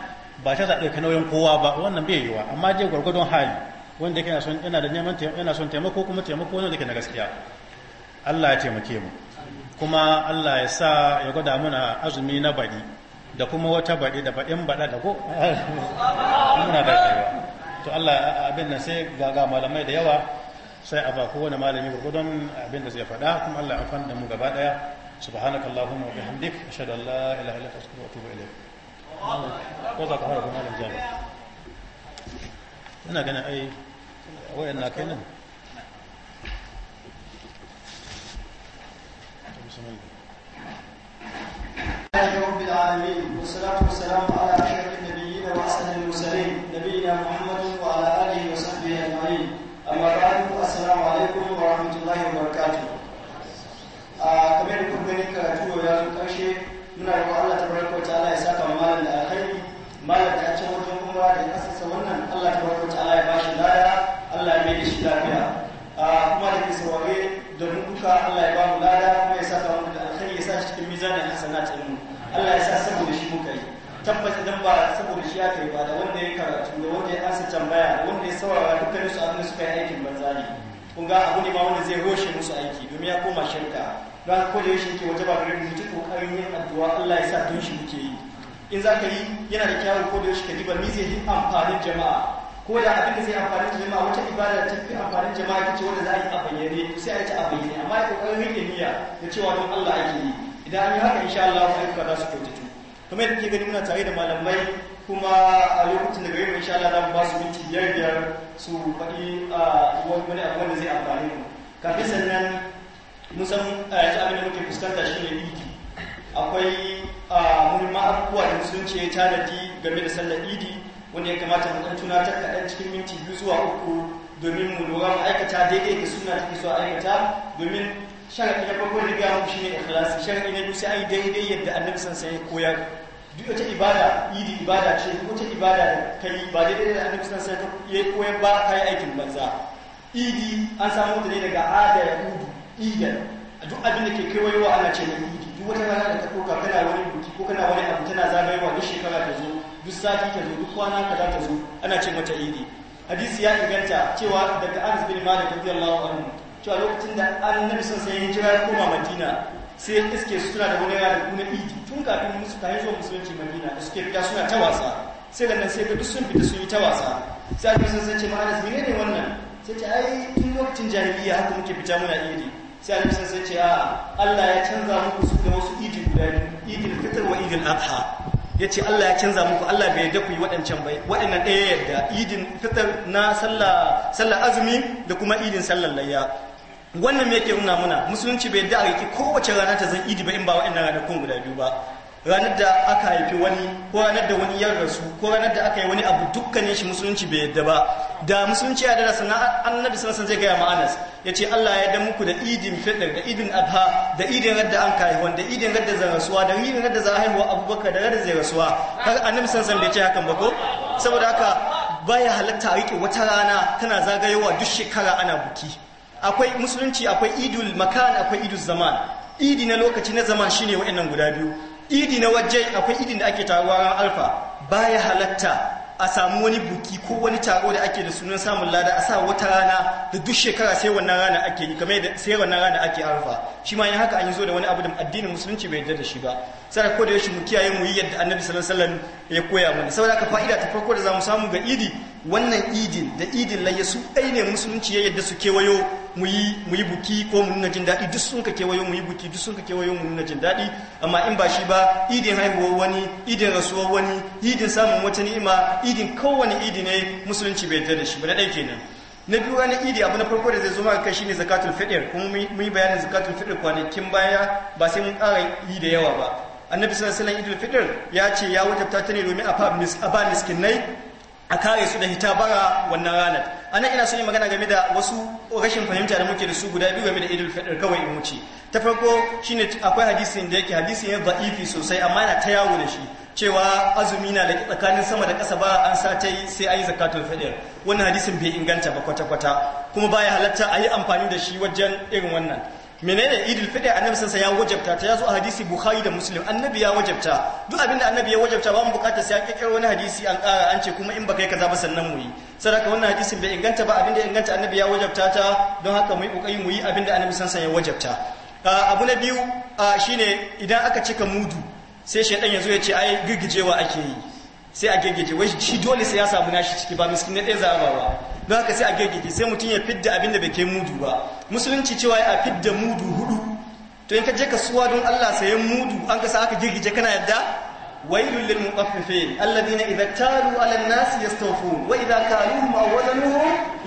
ba ta zaɓe ka nauyin kowa ba wannan bai yiwa amma je gwargwadon hali wanda yana son yana da neman yana son taimako kuma taimako wanda yake na gaskiya Allah ya taimake mu kuma Allah ya sa ya gwada muna azumi na baɗi da kuma wata baɗi da baɗin baɗa da ko muna da to Allah abin nan sai gaga malamai da yawa sai a ba kowane malami gurgudun abin da zai faɗa kuma Allah ya fanda mu gaba ɗaya subhanaka allahumma wa bihamdik ashhadu an la ilaha illa anta wa atubu ilayk ko za ka fara kuma malam jami'a ina ganin ai wayan na kai nan musulmi رب العالمين والصلاة والسلام على أشرف النبيين وأحسن المرسلين نبينا محمد وعلى آله وصحبه أجمعين da kuma karatu ya zo karshe muna roƙon Allah tabaraka wa ta'ala ya saka da alkhairi malam da wannan Allah tabaraka wa ta'ala ya bashi Allah ya mai da lafiya kuma da ke saurare domin duka Allah ya ba mu lada kuma ya saka mu da alkhairi ya sa shi cikin mizanin hasana din mu Allah ya sa saboda shi muka yi tabbas dan ba saboda shi aka yi ba da wanda ya karatu da wanda ya ansa tambaya da wanda ya saurara dukkanin su abin da suka yi aikin banza ne kun ga abu ne ma wanda zai roshe musu aiki domin ya koma shirka don haka da shi yake waje ba gare mu mutum kokarin yin addu'a Allah ya sa don shi muke yi in za ka yi yana da kyawun da shi ka diba ni zai yi amfanin jama'a ko da abin da zai amfani jama'a wata ibada ta fi amfanin jama'a ce wanda za a yi a bayyane sai a ci ta a bayyane amma ya kokarin rike niyya da cewa don Allah ake yi idan an yi haka insha Allah ka za su kyautatu kamar yadda kike gani muna tare da malamai kuma a lokacin da gari mu insha Allah za mu ba su minti biyar biyar su faɗi wani abu wanda zai amfani mu kafin sannan mun san yanzu abin da muke fuskanta shi ne idi akwai muhimman abubuwa da musulunci ya tanadi game da sallar idi wanda ya kamata mu dan tunatar ɗan cikin minti biyu zuwa uku domin mu lura mu aikata daidai da suna take so a aikata domin sharadi na farko da gaya shine ikhlasi sharadi na biyu sai ai daidai yadda annabi san sai koyar duk wata ibada idi ibada ce duk wata ibada da kai ba daidai da annabi san sai ya koyar ba kai aikin banza idi an samu da ne daga ada ya udu a duk abin da ke kewayewa ana ce na idi duk wata rana da ta koka kana wani buki ko kana wani abu tana zagayewa duk shekara ta zo duk sati ta zo duk kwana za ta zo ana ce mata idi hadisi ya inganta cewa daga Anas bin Malik radiyallahu anhu cewa lokacin da Annabi sun sai hijira ya koma Madina sai iske su suna da wani yara kuma idi tun kafin musu yi zuwa musulunci Madina da suke fita suna ta wasa sai da nan sai ka duk sun fita sun yi ta wasa sai Annabi sun sai ce ma Anas menene wannan sai ce ai tun lokacin jahiliya haka muke fita muna idi sai Annabi sun sai ce a Allah ya canza muku su da wasu idi guda idil fitr wa idil adha ya ce Allah ya canza muku Allah bai yadda ku yi waɗancan bai waɗannan ɗaya yadda idin fitar na sallar azumi da kuma idin sallar layya wannan me yake nuna muna musulunci bai yadda a yake kowace rana ta zan idi ba in ba waɗannan ranakun guda biyu ba ranar da aka haifi wani ko ranar da wani ya rasu ko ranar da aka yi wani abu dukkanin shi musulunci bai yadda ba da musulunci ya dara sana annabi sallallahu zai gaya ma'anas ya ce Allah ya dan muku da idin fitr da idin adha da idin radda an kai wanda idin radda zai rasuwa da idin radda za haihuwa abubakar da radda zai rasuwa har annabi sallallahu bai ce hakan ba ko saboda haka baya halatta a rike wata rana tana zagayowa duk shekara ana buki akwai musulunci akwai idul makan akwai idul zaman idi na lokaci na zama shine wa'annan guda biyu idi na waje akwai idin da ake taruwa ran alfa baya halatta a samu wani buki ko wani taro da ake da sunan samun lada a sa wata rana da duk shekara sai wannan rana ake yi kamar sai wannan rana ake alfa shi ma yin haka an yi zo da wani abu da addinin musulunci bai yarda da shi ba sai ko da yashi mu kiyaye mu yi yadda annabi sallallahu alaihi wasallam ya koya mana saboda ka fa'ida ta farko da zamu samu ga idi wannan idin da idin layya su ɗai ne musulunci ya yadda su kewayo mu yi buki ko mu nuna jin daɗi duk sun ka kewayo mu yi buki duk sun ka kewayo mu nuna jin daɗi amma in ba shi ba idin haihuwar wani idin rasuwar wani idin samun wata ni'ima idi kowane idi ne musulunci bai yarda da shi ba na ɗai kenan na biyu ranar idi abu na farko da zai zo maka kai shine zakatul fitr kuma mun yi bayanin zakatul fitr kwanakin baya ba sai mun ƙara yi da yawa ba annabi sallallahu alaihi idil fitr ya ce ya wajabta ta ne domin a ba miskinai a kare su da hitabara wannan ranar anan ina son yi magana game da wasu rashin fahimta da muke da su guda biyu game da idil fitr kawai in wuce ta farko shine akwai hadisin da yake hadisin ya da'ifi sosai amma yana ta yawo da shi cewa azumi na da tsakanin sama da kasa ba an sa ta yi sai a yi zakatul fitr wannan hadisin bai inganta ba kwata-kwata kuma baya halatta a yi amfani da shi wajen irin wannan menene idil fitr annabi sansa ya wajabta ta yazo a hadisi bukhari da muslim annabi ya wajabta duk abinda annabi ya wajabta ba mu bukatar sai an kirkiro wani hadisi an kara an ce kuma in baka yi kaza ba sannan muyi yi sadaka wannan hadisin bai inganta ba abinda ya inganta annabi ya wajabta ta don haka muyi kokari mu yi abinda annabi sansa ya wajabta ah, abu na biyu ah, shine idan aka cika mudu sai shaidan yazo ya ce ai girgijewa ake yi sai a girgije wai shi dole sai ya samu nashi ciki ba miskin ne ɗaya za a don haka sai a gegege sai mutum ya fidda abin da bai kai mudu ba musulunci cewa ya fidda mudu hudu to in ka je kasuwa don Allah sayan mudu an ka sa aka gegege kana yadda wailul lil mutaffifin alladhina idza talu ala an-nas yastawfun wa idza kaluhum aw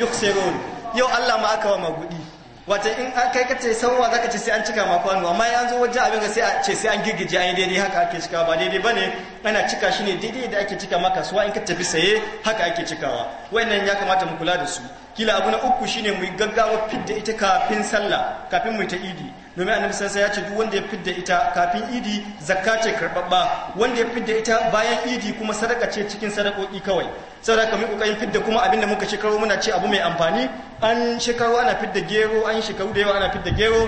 yukhsirun yau Allah ma aka wa magudi wata in an kai kace sanwa zaka ce sai an cika ma kwano amma yanzu zo wajen abin ga sai a ce sai an girgije an yi daidai haka ake cikawa ba daidai bane ana cika shi ne daidai da ake cika maka suwa in ka tafi saye haka ake cikawa wannan ya kamata mu kula da su kila abu na uku shine mu gaggawa fidda ita kafin sallah kafin mu ta idi domin annabi sansa ya ce duk wanda ya fidda ita kafin idi zakka ce karbabba wanda ya fidda ita bayan idi kuma sadaka ce cikin sadakoki kawai saboda ka mu kokarin fidda kuma abin da muka shekaru muna ce abu mai amfani an shekaru ana fidda gero an shekaru da yawa ana fidda gero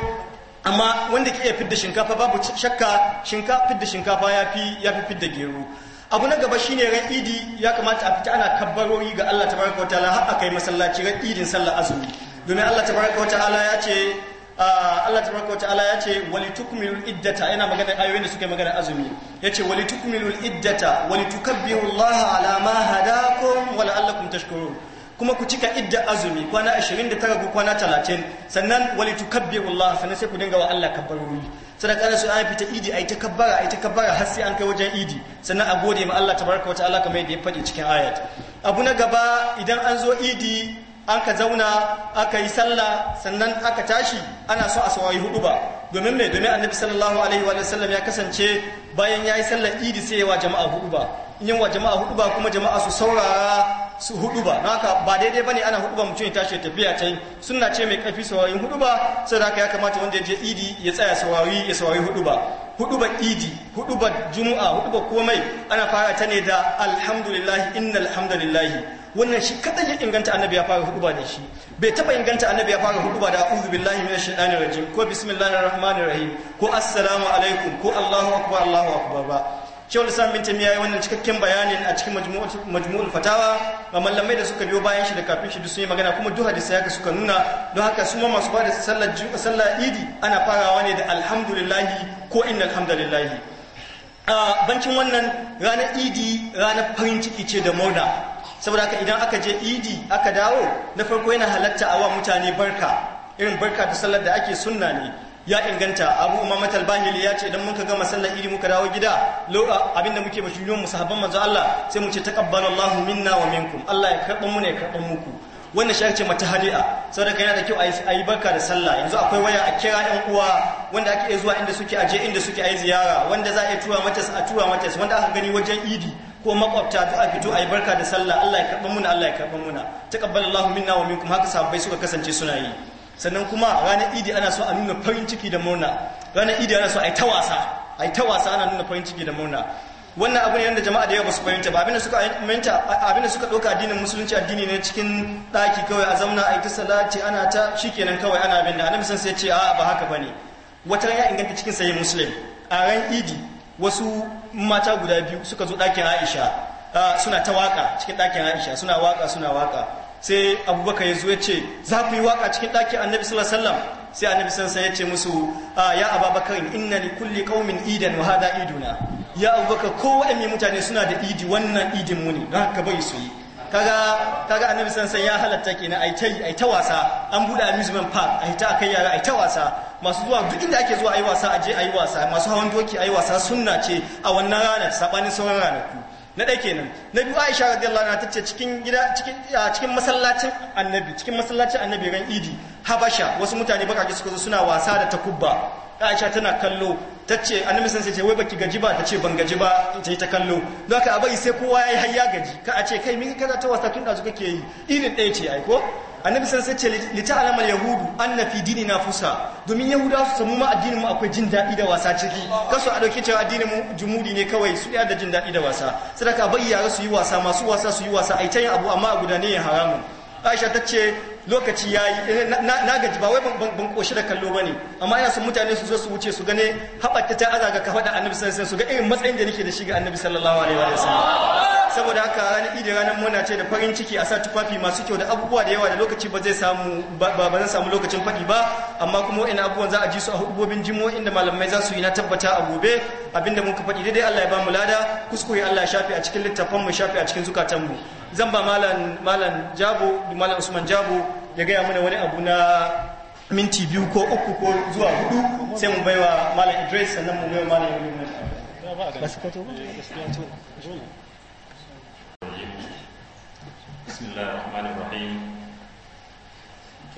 amma wanda ke iya fidda shinkafa babu shakka shinkafa fidda shinkafa ya fi ya fi fidda gero abu na gaba shine ran idi ya kamata a fita ana kabbarori ga Allah tabaraka taala har akai masallaci ran idin sallar azumi domin Allah tabaraka wataala ya ce Ah, Allah Ta tabaraka ta'ala ya ce tukmilul iddata yana magana ayoyin da suke magana azumi ya ce tukmilul iddata Allah ala ma hadakum wa la'allakum tashkurun kuma ku cika idda azumi kwana 29 ko kwana 30 sannan Allah sannan sai ku dinga wa Allah kabbaruri sadaka da su an fita idi ai takabbara ai takabbara har sai an kai wajen idi sannan a gode ma Allah tabaraka ta'ala kamar yadda ya fadi cikin ayat abu na gaba idan an zo idi an ka zauna aka yi sallah sannan aka tashi ana so a sawayi hudu ba domin mai domin annabi sallallahu alaihi wa sallam ya kasance bayan ya yi sallar idi sai wa jama'a hudu ba yin wa jama'a hudu ba kuma jama'a su saurara su hudu ba na haka ba daidai bane ana hudu ba mutum ya tashi tafiya can sunna ce mai kafi saurayin hudu ba sai ya kamata wanda ya je idi ya tsaya saurari ya saurari hudu ba hudu ba idi hudu ba juma'a hudu ba komai ana fara ta ne da alhamdulillah innal hamdulillah wannan shi kada ya inganta annabi ya fara hudu ba da shi bai taba inganta annabi ya fara hudu ba da a'udhu billahi minash shaitanir rajim ko bismillahir rahmanir rahim ko assalamu alaikum ko allahu akbar allahu akbar ba Shehu Islam bin Taymiyyah yayi wannan cikakken bayanin a cikin majmu'ul fatawa ga mallamai da suka biyo bayan shi da kafin shi sun yi magana kuma duk hadisi haka suka nuna don haka su ma masu bada sallar sallar Idi ana farawa ne da alhamdulillahi ko alhamdulillahi A bancin wannan ranar Idi ranar farin ciki ce da murna saboda haka idan aka je Idi aka dawo na farko yana halatta a wa mutane barka irin barka da sallar da ake sunna ne ya inganta abu umama talbahili ya ce idan muka gama sallar idi muka dawo gida abinda muke ba mu musahabban manzo Allah sai mu ce taqabbalallahu minna wa minkum Allah ya karba mu ne ya muku wannan shi ce mata hadi'a saboda yana da kyau a yi barka da sallah yanzu akwai waya a kira yan uwa wanda ake zuwa inda suke aje inda suke ayi ziyara wanda za a tura mata a tura mata wanda aka gani wajen idi ko makwabta duk a fito a yi barka da sallah Allah ya karɓa muna Allah ya mu muna taqabbalallahu minna wa minkum haka sahabbai suka kasance suna yi sannan kuma ranar idi ana so a nuna farin ciki da murna ranar idi ana so a yi ta wasa a yi ta wasa ana nuna farin ciki da murna wannan abu ne yadda jama'a da yau ba su fahimta ba abinda suka fahimta abinda suka ɗauka addinin musulunci addini ne cikin ɗaki kawai a zamna a yi ta salati ana ta shikenan kawai ana bin da annabi san sai ce a ba haka ba ne. wata ya inganta cikin sayen musulun a ran idi wasu mata guda biyu suka zo ɗakin aisha suna ta waka cikin ɗakin aisha suna waka suna waka sai abubakar ya zo ya ce za ku yi waka cikin daki annabi sallallahu alaihi wasallam sai annabi sansa ya ce musu ya ababakar inna li kulle qaumin idan wa hada iduna ya abubakar ko waɗanne mutane suna da idi wannan idin mu ne don haka bai su yi kaga kaga annabi sansa ya halatta na ai aita wasa an buɗe amusement park ai ta kai yara aita wasa masu zuwa duk inda ake zuwa ai wasa aje ai wasa masu hawan doki ai wasa sunna ce a wannan ranar sabanin sauran ranaku na ɗaya kenan na biyu aisha radiyallahu ta ce cikin gida cikin cikin masallacin annabi cikin masallacin annabi ran idi habasha wasu mutane bakake suka zo suna wasa da takubba Aisha tana kallo tace annabi sun ce wai baki gaji ba ta ce ban gaji ba yi ta kallo don ka abai sai kowa yayi har ya gaji ka a ce kai min kaza ta wasa tun da su kake yi irin ɗaya ce ai ko annabi sun ce lita alamar yahudu anna fi na fusa domin yahudawa su samu ma addinin mu akwai jin daɗi da wasa ciki kasu a dauke cewa addinin mu jumudi ne kawai su da jin daɗi da wasa sadaka abai yara su yi wasa masu wasa su yi wasa yi ta yin abu amma a gudanar da haramun aisha ta ce lokaci ya yi eh, na gaji ba wai ban koshi da kallo ba ne amma ina son mutane su zo su wuce su gane haɓata ta aza ga kafaɗa annabi sallallahu alaihi su ga irin matsayin da nake da shi ga annabi sallallahu alaihi wasallam saboda haka ranar idi ranar muna ce da farin ciki a sa tufafi masu kyau da abubuwa da yawa da lokaci ba zai samu ba ba zan samu lokacin faɗi ba amma kuma wa'in abubuwan za a ji su a hudubobin jimo inda malamai za su yi na tabbata a gobe abinda muka faɗi daidai Allah ya ba mu lada kuskure Allah ya shafe a cikin littafan mu shafe a cikin zukatan mu zan ba malan jabo malan usman jabo ya gaya mana wani abu na minti biyu ko uku ko zuwa hudu sai mu baiwa malan idris sannan mu baiwa malan yau liman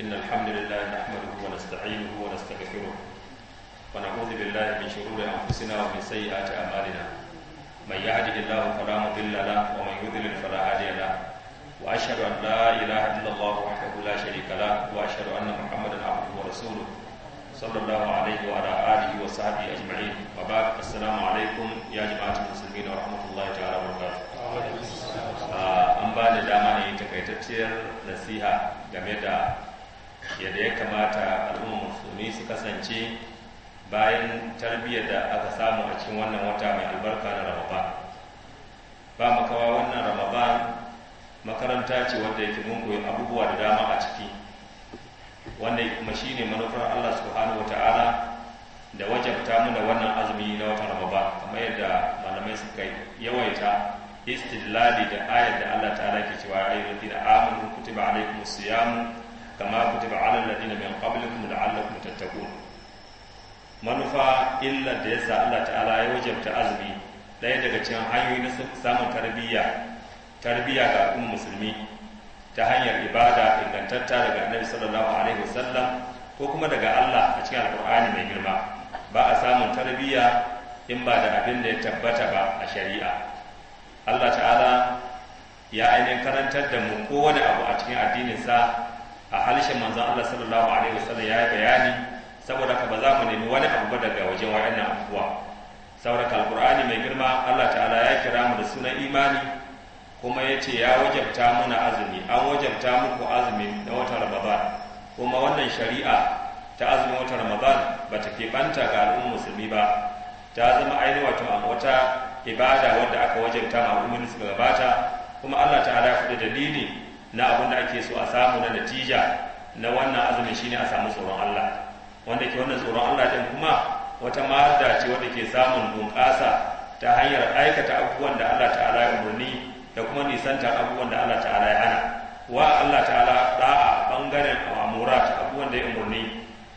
إن الحمد لله نحمده ونستعينه ونستغفره ونعوذ بالله من شرور أنفسنا ومن سيئات أعمالنا من يهده الله فلا مضل له ومن يضلل فلا هادي له وأشهد أن لا إله إلا الله وحده لا شريك له وأشهد أن محمدا عبده ورسوله صلى الله عليه وعلى آله وصحبه أجمعين وبعد السلام عليكم يا جماعة المسلمين ورحمة الله تعالى وبركاته an ba da dama ne takaitacciyar nasiha game da yadda ya kamata al'ummar musulmi su kasance bayan tarbiyyar da aka samu a cikin wannan wata mai albarka na ramadan ba makawa wannan ramadan makaranta ce wanda yake mungoyi koyi abubuwa da dama a ciki wanda kuma ne manufar Allah subhanahu ta'ala da wajabta mu da wannan azumi na wata ramadan kamar yadda malamai suka yawaita istidlali da ayar da Allah ta ke cewa rufi da amurin kutuba alaykumus siyamu kama kutiba alal ladina min qablikum la'allakum tattaqun manufa illa da yasa Allah ta'ala ya wajabta azumi ɗaya daga cikin hanyoyi na samun tarbiyya tarbiyya ga al'ummar musulmi ta hanyar ibada ingantatta daga annabi sallallahu alaihi wasallam ko kuma daga Allah a cikin alkur'ani mai girma ba a samun tarbiyya in ba da abin da ya tabbata ba a shari'a Allah ta'ala ya ainihin karantar da mu kowane abu a cikin addininsa a harshen manzon Allah sallallahu alaihi wasallam ya bayani saboda ka ba za mu nemi wani abu ba daga wajen wa'annan abubuwa saboda alkur'ani mai girma Allah ta'ala ya kira mu da sunan imani kuma ya ce ya wajabta muna azumi an wajabta muku azumi na watan ramadan kuma wannan shari'a ta azumin watan ramadan ba ta ke banta ga al'ummar musulmi ba ta zama ainihin wato wata ibada wadda aka wajabta ma al'ummar suka gabata kuma Allah ta'ala ya da dalili na abin da ake so a samu na natija na wannan azumin shine a samu tsoron Allah wanda ke wannan tsoron Allah din kuma wata mada ce wanda ke samun bunƙasa ta hanyar aikata abubuwan da Allah ta'ala ya umarni da kuma nisanta abubuwan da Allah ta'ala ya hana wa Allah ta'ala da'a bangaren ta abubuwan da ya umarni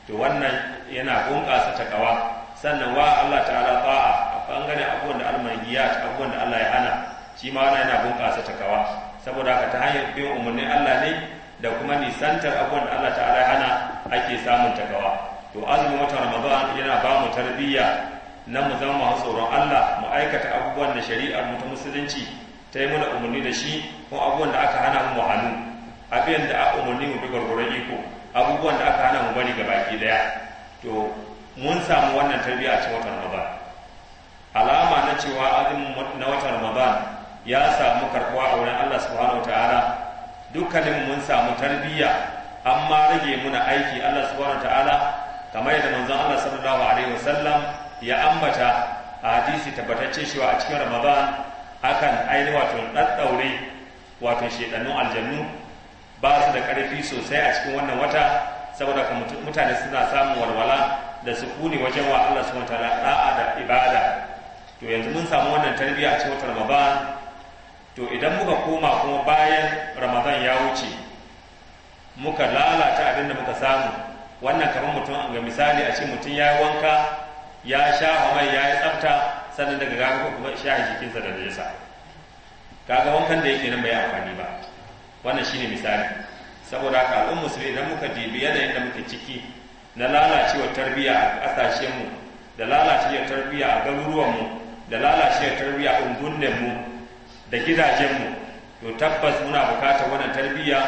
to wannan yana bunƙasa takawa sannan wa Allah ta'ala ta'a a bangaren abubuwan da Allah ta abubuwan da Allah ya hana shi ma wannan yana bunƙasa takawa saboda haka ta hanyar bin umarnin Allah ne da kuma nisantar abubuwan da Allah ta'ala ya hana ake samun takawa to azumin wata ramadan yana ba mu tarbiyya na mu zama masu tsoron Allah mu aikata abubuwan da shari'ar mu ta musulunci ta yi mana umarni da shi ko abubuwan da aka hana mu wahalu abin da aka umarni mu bi gwargwaron iko abubuwan da aka hana mu bari ga baki daya to mun samu wannan tarbiyya a cikin watan ramadan alama na cewa azumin na watan ramadan ya samu karkuwa a wurin Allah subhanahu wataala dukkanin mun samu tarbiyya amma rage muna aiki Allah subhanahu wataala kamar yadda manzon Allah sallallahu alaihi wasallam ya ambata a hadisi tabbatacce cewa a cikin Ramadan akan aini wato daddaure wato shedanun aljannu ba su da karfi sosai a cikin wannan wata saboda ka mutane suna samun walwala da sukuni wajen wa Allah subhanahu wataala da'a da ibada to yanzu mun samu wannan tarbiyya a cikin Ramadan to idan muka koma kuma bayan Ramadan ya wuce muka lalata abin da muka samu wannan kamar mutum ga misali a ce mutum ya wanka ya sha mai ya yi tsafta sannan daga gaba kuma yi jikinsa da nesa kaga wankan da yake nan bai amfani ba wannan shine misali saboda haka al'ummar musulmi idan muka dibi yanayin da muke ciki na lalacewar tarbiyya a ƙasashenmu da lalacewar tarbiyya a garuruwanmu da lalacewar tarbiyya a mu da gidajenmu to tabbas muna bukatar wannan tarbiyya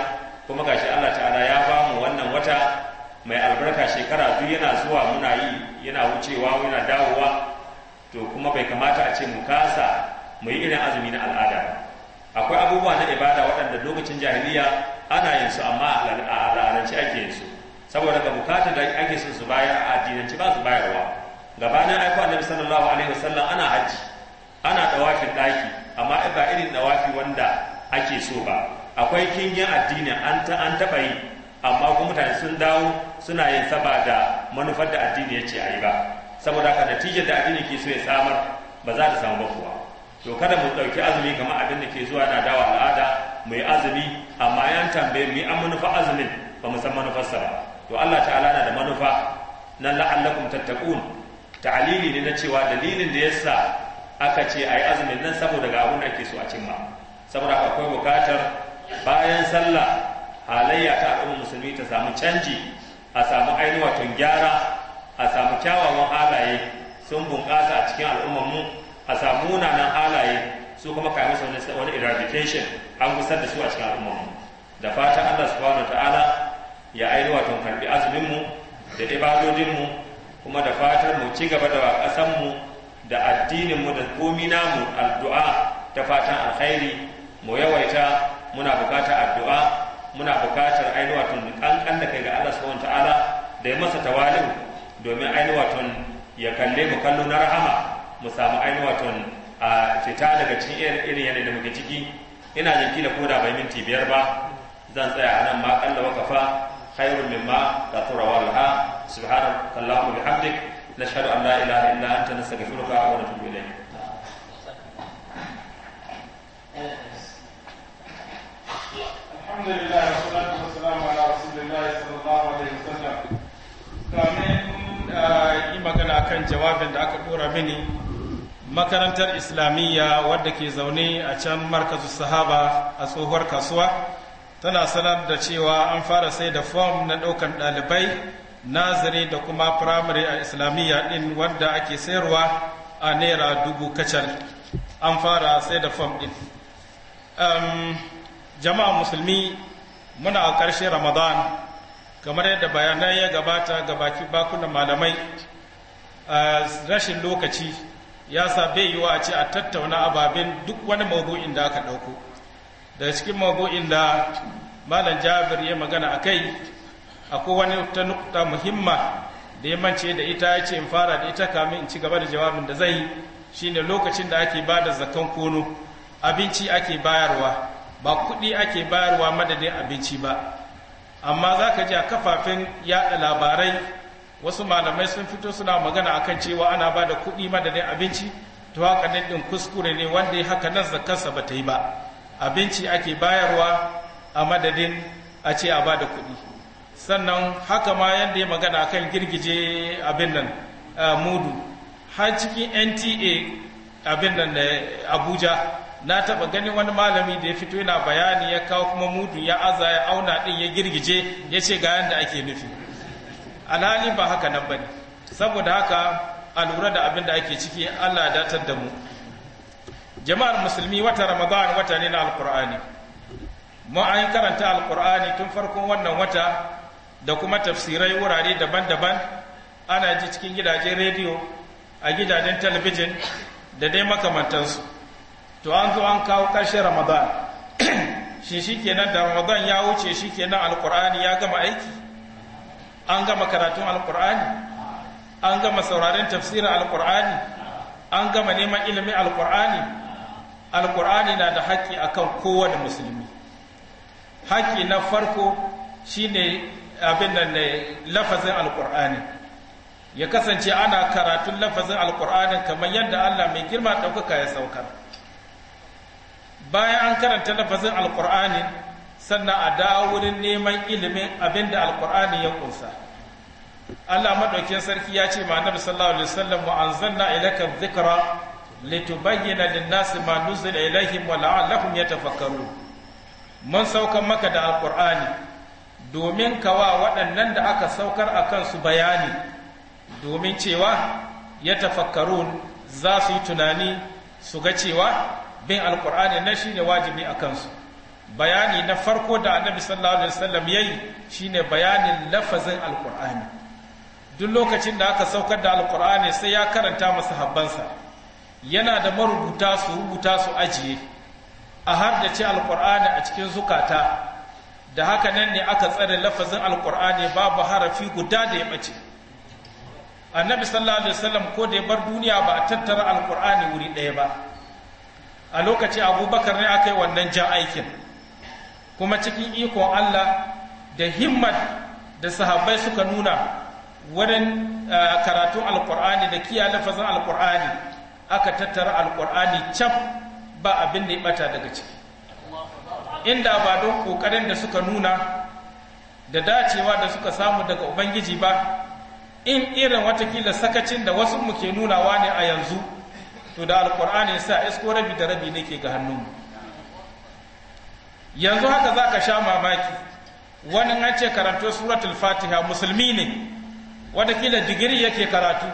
kuma gashi Allah ta'ala ya bamu wannan wata mai albarka shekara duk yana zuwa muna yi yana wucewa yana dawowa to kuma bai kamata a ce mu kasa mu yi irin azumi na al'ada akwai abubuwa na ibada waɗanda lokacin jahiliya ana yin su amma a al'adance ake yin su saboda ga bukatar da ake son su bayar a addinance ba su bayarwa gabanin aiko annabi sallallahu alaihi wasallam ana hajji ana dawafin daki amma ba irin dawafi wanda ake so ba akwai kingin addini an taɓa yi amma kuma mutane sun dawo suna yin saba da manufar da addini ya ce a yi ba saboda haka natijar da addini ke so ya samar ba za ta samu ba kuwa to kada mu ɗauki azumi kamar abin da ke zuwa na dawa al'ada mu yi azumi amma yan tambaye mu yi an manufa azumin ba mu san manufar sa ba to Allah ta'ala na da manufa na la'allakum tattaqun ta'alili ne na cewa dalilin da yasa aka ce ayi azumin nan saboda ga abin da ake so a cimma saboda akwai bukatar bayan sallah halayya ta al'ummar musulmi ta samu canji a samu ainihin gyara a samu kyawawan halaye sun bunƙasa a cikin al'ummar mu a samu munanan halaye su kuma kai musu wani eradication an gusar da su a cikin al'ummar da fatan Allah subhanahu ta'ala ya ainihin karbi azuminmu, da ibadodinmu, kuma da fatan mu ci gaba da ƙasarmu, da addininmu da komi namu addu'a ta fatan alkhairi mu yawaita muna bukatar addu'a muna bukatar ainihin wato kankan da kai ga Allah subhanahu ta'ala da ya masa tawali'u domin ainihin ya kalle mu kallo na rahama mu samu ainihin wato a fita daga cikin irin yadda da muke ciki ina jinki da koda bai minti biyar ba zan tsaya a nan ma kalla wa kafa khairun mimma kathura walha subhanaka allahumma bihamdik nashhadu an la ilaha illa anta nastaghfiruka wa natubu ilayk Yeah. الحمد لله والصلاة والسلام magana kan jawabin da aka ɗora mini makarantar islamiyya wadda ke zaune a can markazu sahaba a tsohuwar kasuwa tana sanar da cewa an fara sai da fom na ɗaukan ɗalibai nazari da kuma firamare a islamiyya ɗin wadda ake sayarwa a naira dubu kacal an fara sai da fom ɗin um, jama'a musulmi muna a ƙarshe ramadan kamar yadda bayanai ya gabata ga baki bakunan malamai a rashin lokaci ya sa bai yiwa a ce a tattauna ababen duk wani mabu'in da aka ɗauko daga cikin mabu'in da malam jabir ya magana a kai akwai wani ta nukta muhimma da ya mance da ita ya ce in fara da ita kamin in ci gaba da jawabin da zai shine lokacin da ake ba da zakan kono abinci ake bayarwa ba kuɗi ake bayarwa madadin abinci ba amma za ka ji a kafafen yaɗa labarai wasu malamai sun fito suna magana a kan cewa ana ba da kuɗi madadin abinci to haka nan ɗin kuskure ne wanda ya haka nan zakarsa ba ta yi ba abinci ake bayarwa a madadin a ce a ba da kuɗi sannan haka ma yadda ya magana a kan girgije abin nan eh, mudu har cikin nta abin nan eh, abuja na taba ganin wani malami da ya fito yana bayani ya kawo kuma mudu ya aza ya auna din ya girgije ya ce ga yanda ake nufi alhali ba haka nan bane saboda haka a lura da abin da ake ciki Allah ya datar da mu jama'ar musulmi wata ramadan wata ne na alqur'ani mu an karanta alqur'ani tun farkon wannan wata da kuma tafsirai wurare daban-daban ana ji cikin gidajen rediyo a gidajen talabijin da dai makamantansu to an zo an kawo ƙarshen ramadan [CLEARS THROAT] shi kenan da ramadan ya wuce shi kenan alkur'ani ya gama aiki an gama karatun alkur'ani an gama sauraren tafsirin alkur'ani an gama neman ilimin alkur'ani Alƙur'ani na da haƙƙi akan kowane musulmi haƙƙi na farko shi ne abin da lafazin alkur'ani ya kasance ana karatun lafazin alkur'ani kamar yadda allah mai girma ɗaukaka ya saukar bayan an karanta lafazin alkur'ani sannan a dawo wurin neman ilimin abinda da alkur'ani ya kunsa Allah maɗaukin sarki ya ce ma annabi sallallahu alaihi wasallam wa anzalna ilayka dhikra litubayyana lin-nasi ma nuzila ilayhim wa la'allahum yatafakkarun mun sauka maka da alkur'ani domin kawa waɗannan da aka saukar a kansu bayani domin cewa ya tafakkarun za su yi tunani su ga cewa bin alkur'ani na shine wajibi a kansu bayani na farko da annabi sallallahu alaihi wasallam yayi shine bayanin lafazin alkur'ani duk lokacin da aka saukar da alkur'ani sai ya karanta masa habbansa yana da marubuta su rubuta su ajiye a har da ce alkur'ani a cikin zukata da haka nan ne aka tsare lafazin alkur'ani babu harafi guda da ya bace annabi sallallahu alaihi wasallam ko da ya bar duniya ba a tattara alkur'ani wuri ɗaya ba a lokacin abubakar ne aka yi wannan jan aikin kuma cikin ikon allah da himmat da sahabbai suka nuna wurin eh, karatun alkur'ani da kiya lafazin alkur'ani aka tattara alkur'ani caf ba abin da ya bata daga ciki inda ba don kokarin da suka nuna da dacewa da suka samu daga ubangiji ba in irin watakila sakacin da wasu muke nunawa ne a yanzu to da alkur'ani sa isko rabi da rabi ne ke ga hannun yanzu haka za ka sha mamaki wani an ce karanto suratul fatiha musulmi ne watakila digiri yake karatu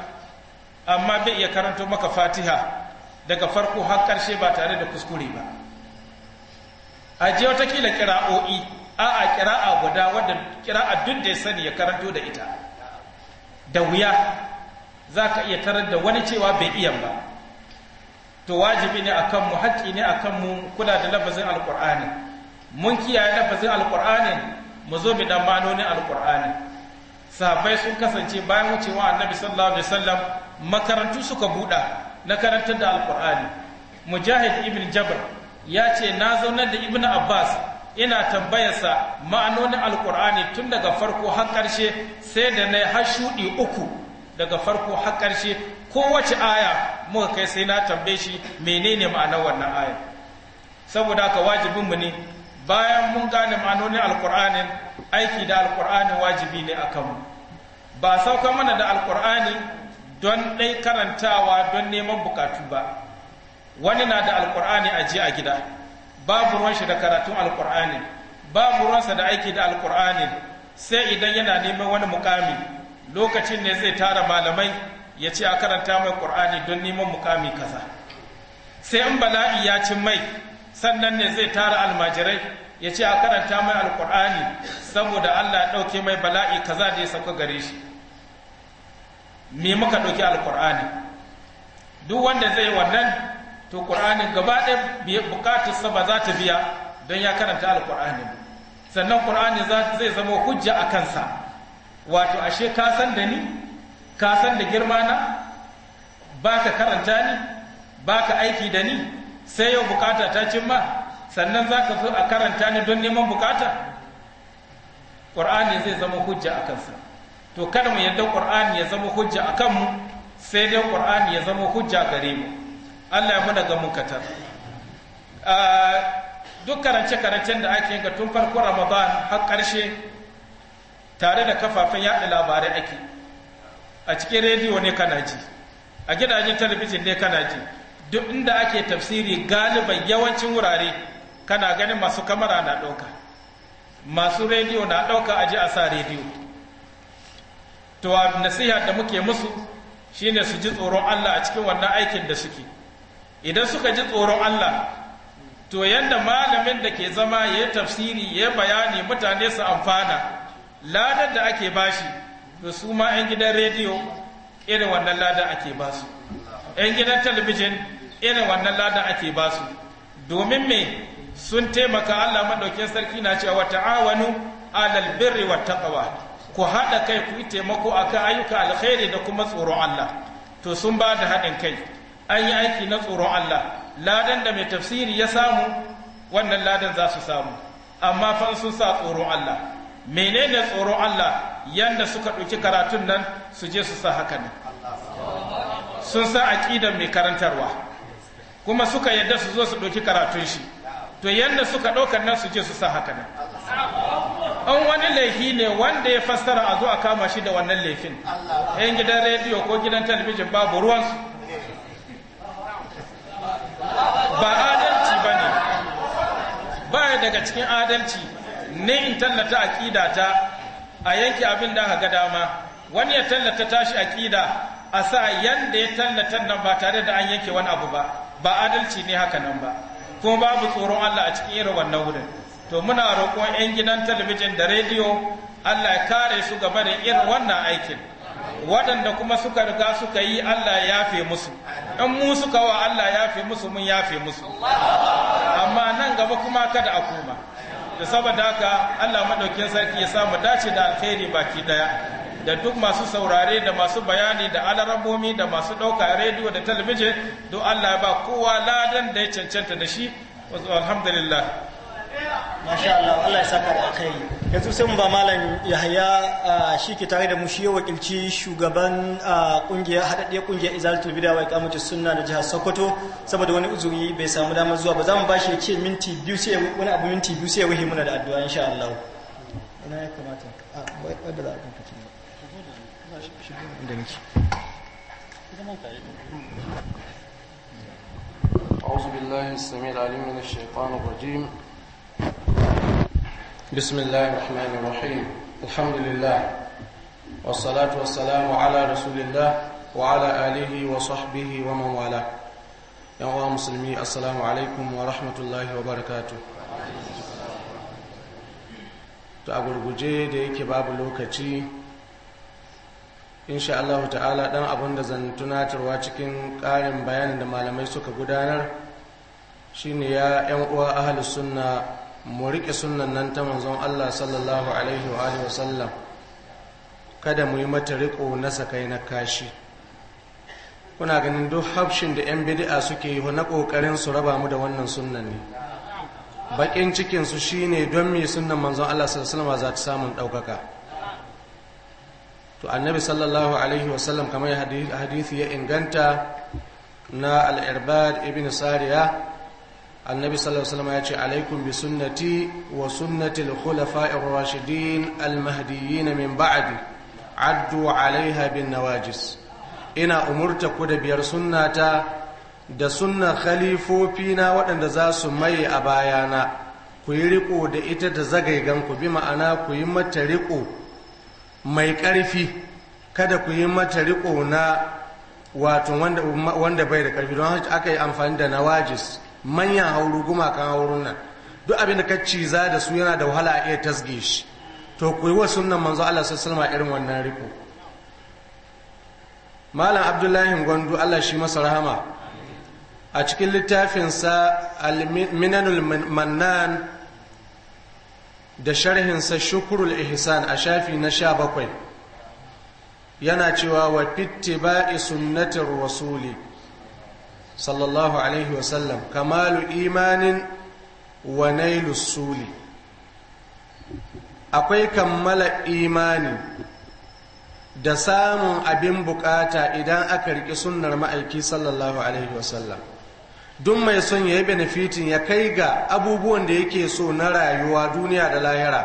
amma bai iya karanto maka fatiha daga farko har karshe ba tare da kuskure ba a je watakila kira'o'i a'a kira'a guda wadda kira'a duk da ya sani ya karanto da ita da wuya za ka iya tarar da wani cewa bai iya ba to wajibi ne akan mu haƙƙi ne akan mu kula da lafazin Alƙur'ani? mun kiyaye lafazin Alƙur'ani mu zo bi dan manonin Alƙur'ani. sahabbai sun kasance bayan wucewa annabi sallallahu alaihi wasallam makarantu suka buɗa na karantar da Alƙur'ani. mujahid ibn jabr ya ce na zaunar da ibn abbas ina tambayarsa ma'anonin Alƙur'ani tun daga farko har ƙarshe sai da na har shuɗi uku daga farko har ƙarshe kowace aya muka kai sai na tambaye shi menene ma'anar wannan aya saboda haka mu ne bayan mun gane ma'anonin alkur'anin aiki da alkur'anin wajibi ne a kanmu ba sauka mana da alkur'ani don ɗai karantawa don neman bukatu ba wani na da alkur'ani a ji a gida babu ruwan shi da karatun alkur'ani babu ruwansa da aiki da alkur'ani sai idan yana neman wani mukami lokacin ne zai tara malamai ya ce a karanta mai ƙur'ani don neman mukami kaza sai in bala'i ya ci mai sannan ne zai tara almajirai ya ce a karanta mai alƙur'ani saboda allah ɗauke mai bala'i kaza da ya sauka gare shi me muka ɗauki alƙur'ani duk wanda zai yi wannan to ƙur'ani gaba ɗaya bukatarsa ba za ta biya don ya karanta alƙur'ani sannan ƙur'ani zai zama hujja a kansa wato ashe ka san da ni ka san da girma na ba ka karanta ni ba ka aiki da ni sai yau bukata ta cimma sannan za ka zo a karanta ni don neman bukata ƙur'ani zai zama hujja a kansa to kada mu yadda ƙur'ani ya zama hujja a kanmu sai dai ƙur'ani ya zama hujja gare mu allah ya daga ga katar. duk karance-karancen da ake ga tun farko ramadan har ƙarshe tare da kafafen yaɗa labarai ake a cikin rediyo ne kana ji a gidajen talabijin ne kana ji duk inda ake tafsiri galiban yawancin wurare kana ganin masu kamara na ɗauka masu rediyo na ɗauka a ji a sa rediyo to nasiha da muke musu shine su ji tsoron Allah a cikin wannan aikin da suke idan suka ji tsoron Allah to yadda malamin da ke zama ya yi tafsiri ya bayani mutane su amfana ladar da ake bashi to su ma 'yan gidan rediyo irin wannan lada ake ba su 'yan gidan talabijin irin wannan lada ake ba su domin me sun taimaka Allah maɗaukin sarki na cewa wata awanu alal birri wa taqwa ku haɗa kai ku yi taimako akan ayyuka alkhairi da kuma tsoron Allah to sun ba da haɗin kai an yi aiki na tsoron Allah ladan da mai tafsiri ya samu wannan ladan za su samu amma fan sun sa tsoron Allah menene tsoron Allah yanda suka ɗauki karatun nan su je su sa haka ne sun sa aƙidar mai karantarwa kuma suka yadda su zo su ɗauki karatun shi to yanda suka ɗaukar nan su je su sa haka ne an wani laifi ne wanda ya fassara a zo a kama shi da wannan laifin yan gidan rediyo ko gidan talabijin babu ruwansu ba adalci ba ne ba daga cikin adalci ne in tallata ƙidata. a yanki abin da ga dama wani ya tallata tashi aqida a sa yanda ya tallata nan ba tare da an yanke wani abu ba ba adalci ne haka nan ba kuma babu tsoron Allah a cikin irin wannan wurin to muna roƙon 'yan gidan talabijin da rediyo Allah ya kare su game da irin wannan aikin waɗanda kuma suka riga suka yi Allah ya yafe musu in mu suka wa Allah ya yafe musu mun yafe musu amma nan gaba kuma kada a koma da saboda haka Allah madaukin sarki ya samu dace da alkhairi baki daya da duk masu saurare da masu bayani da alarabomi da masu ɗauka rediyo da talabijin duk Allah ya ba kowa ladan da ya cancanta da shi alhamdulillah masha Allah Allah ya saka da kai yanzu sai mu ba malam Yahaya shi ke tare da mu shi ya wakilci shugaban kungiyar hadaddiyar kungiyar Bid'a wa Iqamati Sunna da jihar Sokoto saboda wani uzuri bai samu damar zuwa ba za mu ya ce minti biyu sai wani abu minti biyu sai ya wuhi muna da addu'a insha Allah ina ya kamata a wadda za a kan fitin inda nake أعوذ بالله السميع العليم من الشيطان الرجيم بسم الله الرحمن الرحيم الحمد لله والصلاة والسلام على رسول الله وعلى آله wa ومن والاه يا مسلمي السلام عليكم ورحمة الله وبركاته to a gurguje da yake babu lokaci insha Allah ta'ala dan abin da zan tunatarwa cikin ƙarin bayanin da malamai suka gudanar shine ya 'yan uwa ahli sunna mu riƙe sunan nan ta manzon Allah sallallahu alaihi wa alihi wasallam kada mu yi mata riƙo na sakai na kashi kuna ganin duk hafshin da 'yan bid'a suke yi na ƙoƙarin su raba mu da wannan sunan ne baƙin cikinsu shine don mai sunan manzon Allah sallallahu alaihi wa za ta samun ɗaukaka to annabi sallallahu alaihi wasallam kamar hadithi ya inganta na al'irbad ibn sariya annabi sallallahu alaihi wasallam ya ce alaikum bi sunnati wa sunnati al ar rashidin al-mahdiyyin min ba'di addu 'alayha bin nawajis ina umurta ku da biyar sunnata da sunna khalifofina waɗanda za su maye a bayana ku yi riko da ita da zagaigan ku bi ma'ana ku yi mata riko mai ƙarfi kada ku yi mata riko na wato wanda bai da ƙarfi don haka aka yi amfani da nawajis manyan hauru gumakan haurun nan duk abin da ka ciza da su yana da wahala a iya tasge shi to ku yi wa sunnan manzo Allah sallallahu alaihi irin wannan riko malam abdullahi gwandu Allah shi masa rahama a cikin littafinsa al-minanul mannan da sharhinsa shukrul ihsan a shafi na sha bakwai yana cewa wa bai sunnatin rasuli sallallahu alaihi wasallam kamalu imanin wa nailu suli akwai kammala imani da samun abin bukata idan aka riƙe sunnar ma'aiki sallallahu alaihi wasallam duk mai son ya yi benefitin ya kai ga abubuwan da yake so na rayuwa duniya da lahira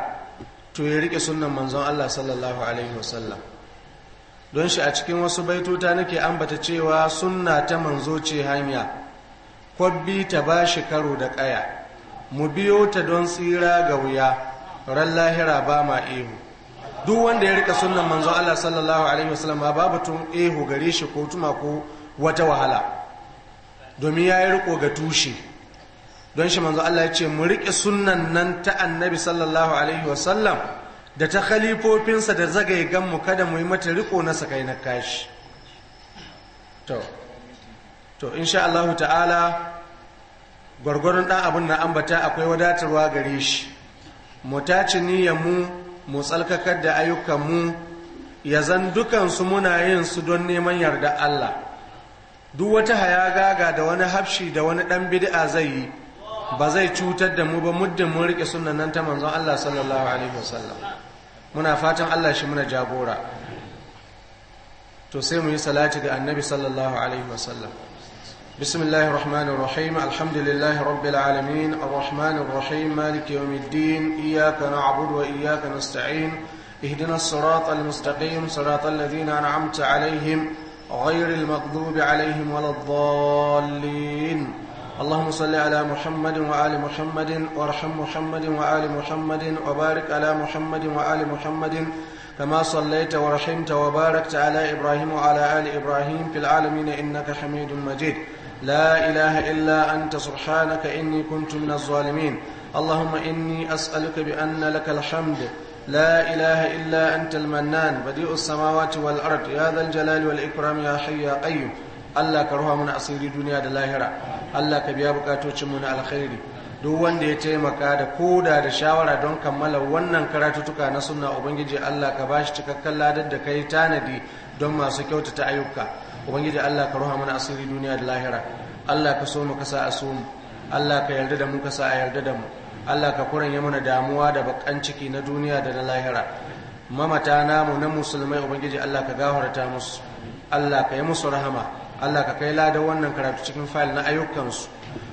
to ya riƙe sunnan manzon Allah sallallahu alaihi wasallam don shi a cikin wasu baitota nake ambata cewa sunna ta manzo ce hanya kwabbi ta ba shi karo da ƙaya mu biyo ta don tsira ga wuya ran lahira ba ma ihu duk wanda ya rika sunnan manzo Allah sallallahu alaihi wasallam ba batun ihu gare shi ko tuma ko wata wahala domin ya yi riko ga tushe don shi manzo Allah ya ce mu rike sunnan nan ta annabi sallallahu alaihi wasallam da ta khalifofinsa da zagaye ganmu kada mu yi mata riko na sakai na kashi to to insha Allah ta'ala gwargwaron ɗan abun na ambata akwai wadatarwa gare shi mu tace niyyar mu tsalkakar da ayyukan mu, ya zan dukansu muna yin su don neman yarda Allah duk wata ga da wani hafshi da wani ɗan bid'a zai yi ba zai cutar da mu ba muddin mun rike sunnan nan ta manzon Allah sallallahu alaihi wasallam muna fatan Allah shi muna jagora to sai mu yi salati ga annabi sallallahu alaihi wasallam بسم الله الرحمن الرحيم الحمد لله رب العالمين الرحمن الرحيم مالك يوم الدين إياك نعبد وإياك نستعين اهدنا الصراط المستقيم صراط الذين أنعمت عليهم غير المغضوب عليهم ولا الضالين اللهم صل على محمد وآل محمد وارحم محمد وآل محمد وبارك على محمد وآل محمد كما صليت ورحمت وباركت على إبراهيم وعلى آل إبراهيم في العالمين إنك حميد مجيد لا إله إلا أنت سبحانك إني كنت من الظالمين اللهم إني أسألك بأن لك الحمد لا إله إلا أنت المنان بديء السماوات والأرض يا ذا الجلال والإكرام يا حي يا قيوم الله كرها من أصير دنيا دلاهرة Allah ka biya bukatocin mu na alkhairi duk wanda ya taimaka da koda da shawara don kammala wannan karatutuka na sunna ubangiji Allah ka bashi cikakken ladar da kai tanadi don masu kyautata ayyuka ubangiji Allah ka ruha mana asiri duniya da lahira Allah ka so mu ka sa a Allah ka yarda da mu ka a yarda da mu Allah ka kuranye mana damuwa da bakan ciki na duniya da na lahira mamata namu na musulmai ubangiji Allah ka gafarta musu Allah ka yi musu rahama Allah ka kai ladan wannan karatu cikin fayil na ayyukansu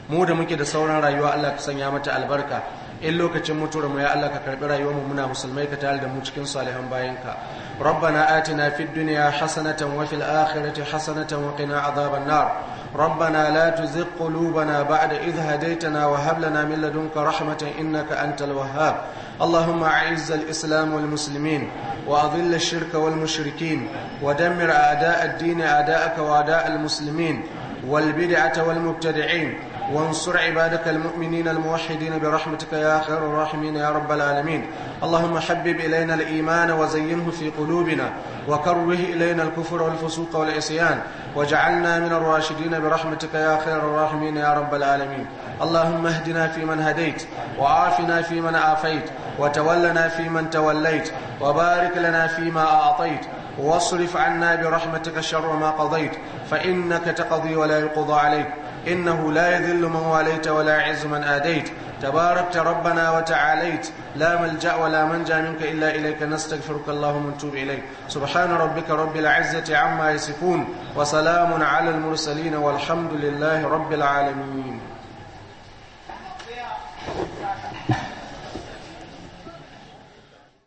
mu da muke da sauran rayuwa Allah ka sanya mata albarka in lokacin mutuwar mu ya Allah ka karbi rayuwar mu muna musulmai ka tare da mu cikin salihan bayanka ربنا آتنا في الدنيا حسنة وفي الآخرة حسنة وقنا عذاب النار ربنا لا تزغ قلوبنا بعد إذ هديتنا وهب لنا من لدنك رحمة إنك أنت الوهاب اللهم أعز الإسلام والمسلمين وأضل الشرك والمشركين ودمر أعداء الدين أعداءك وأعداء المسلمين والبدعة والمبتدعين وانصر عبادك المؤمنين الموحدين برحمتك يا خير الراحمين يا رب العالمين اللهم حبب إلينا الإيمان وزينه في قلوبنا وكره إلينا الكفر والفسوق والعصيان وجعلنا من الراشدين برحمتك يا خير الراحمين يا رب العالمين اللهم اهدنا فيمن هديت وعافنا فيمن عافيت وتولنا فيمن توليت وبارك لنا فيما أعطيت واصرف عنا برحمتك شر ما قضيت فإنك تقضي ولا يقضى عليك إنه لا يذل من واليت ولا يعز من آديت تباركت ربنا وتعاليت لا ملجأ ولا منجا منك إلا إليك نستغفرك اللهم ونتوب إليك سبحان ربك رب العزة عما يصفون وسلام على المرسلين والحمد لله رب العالمين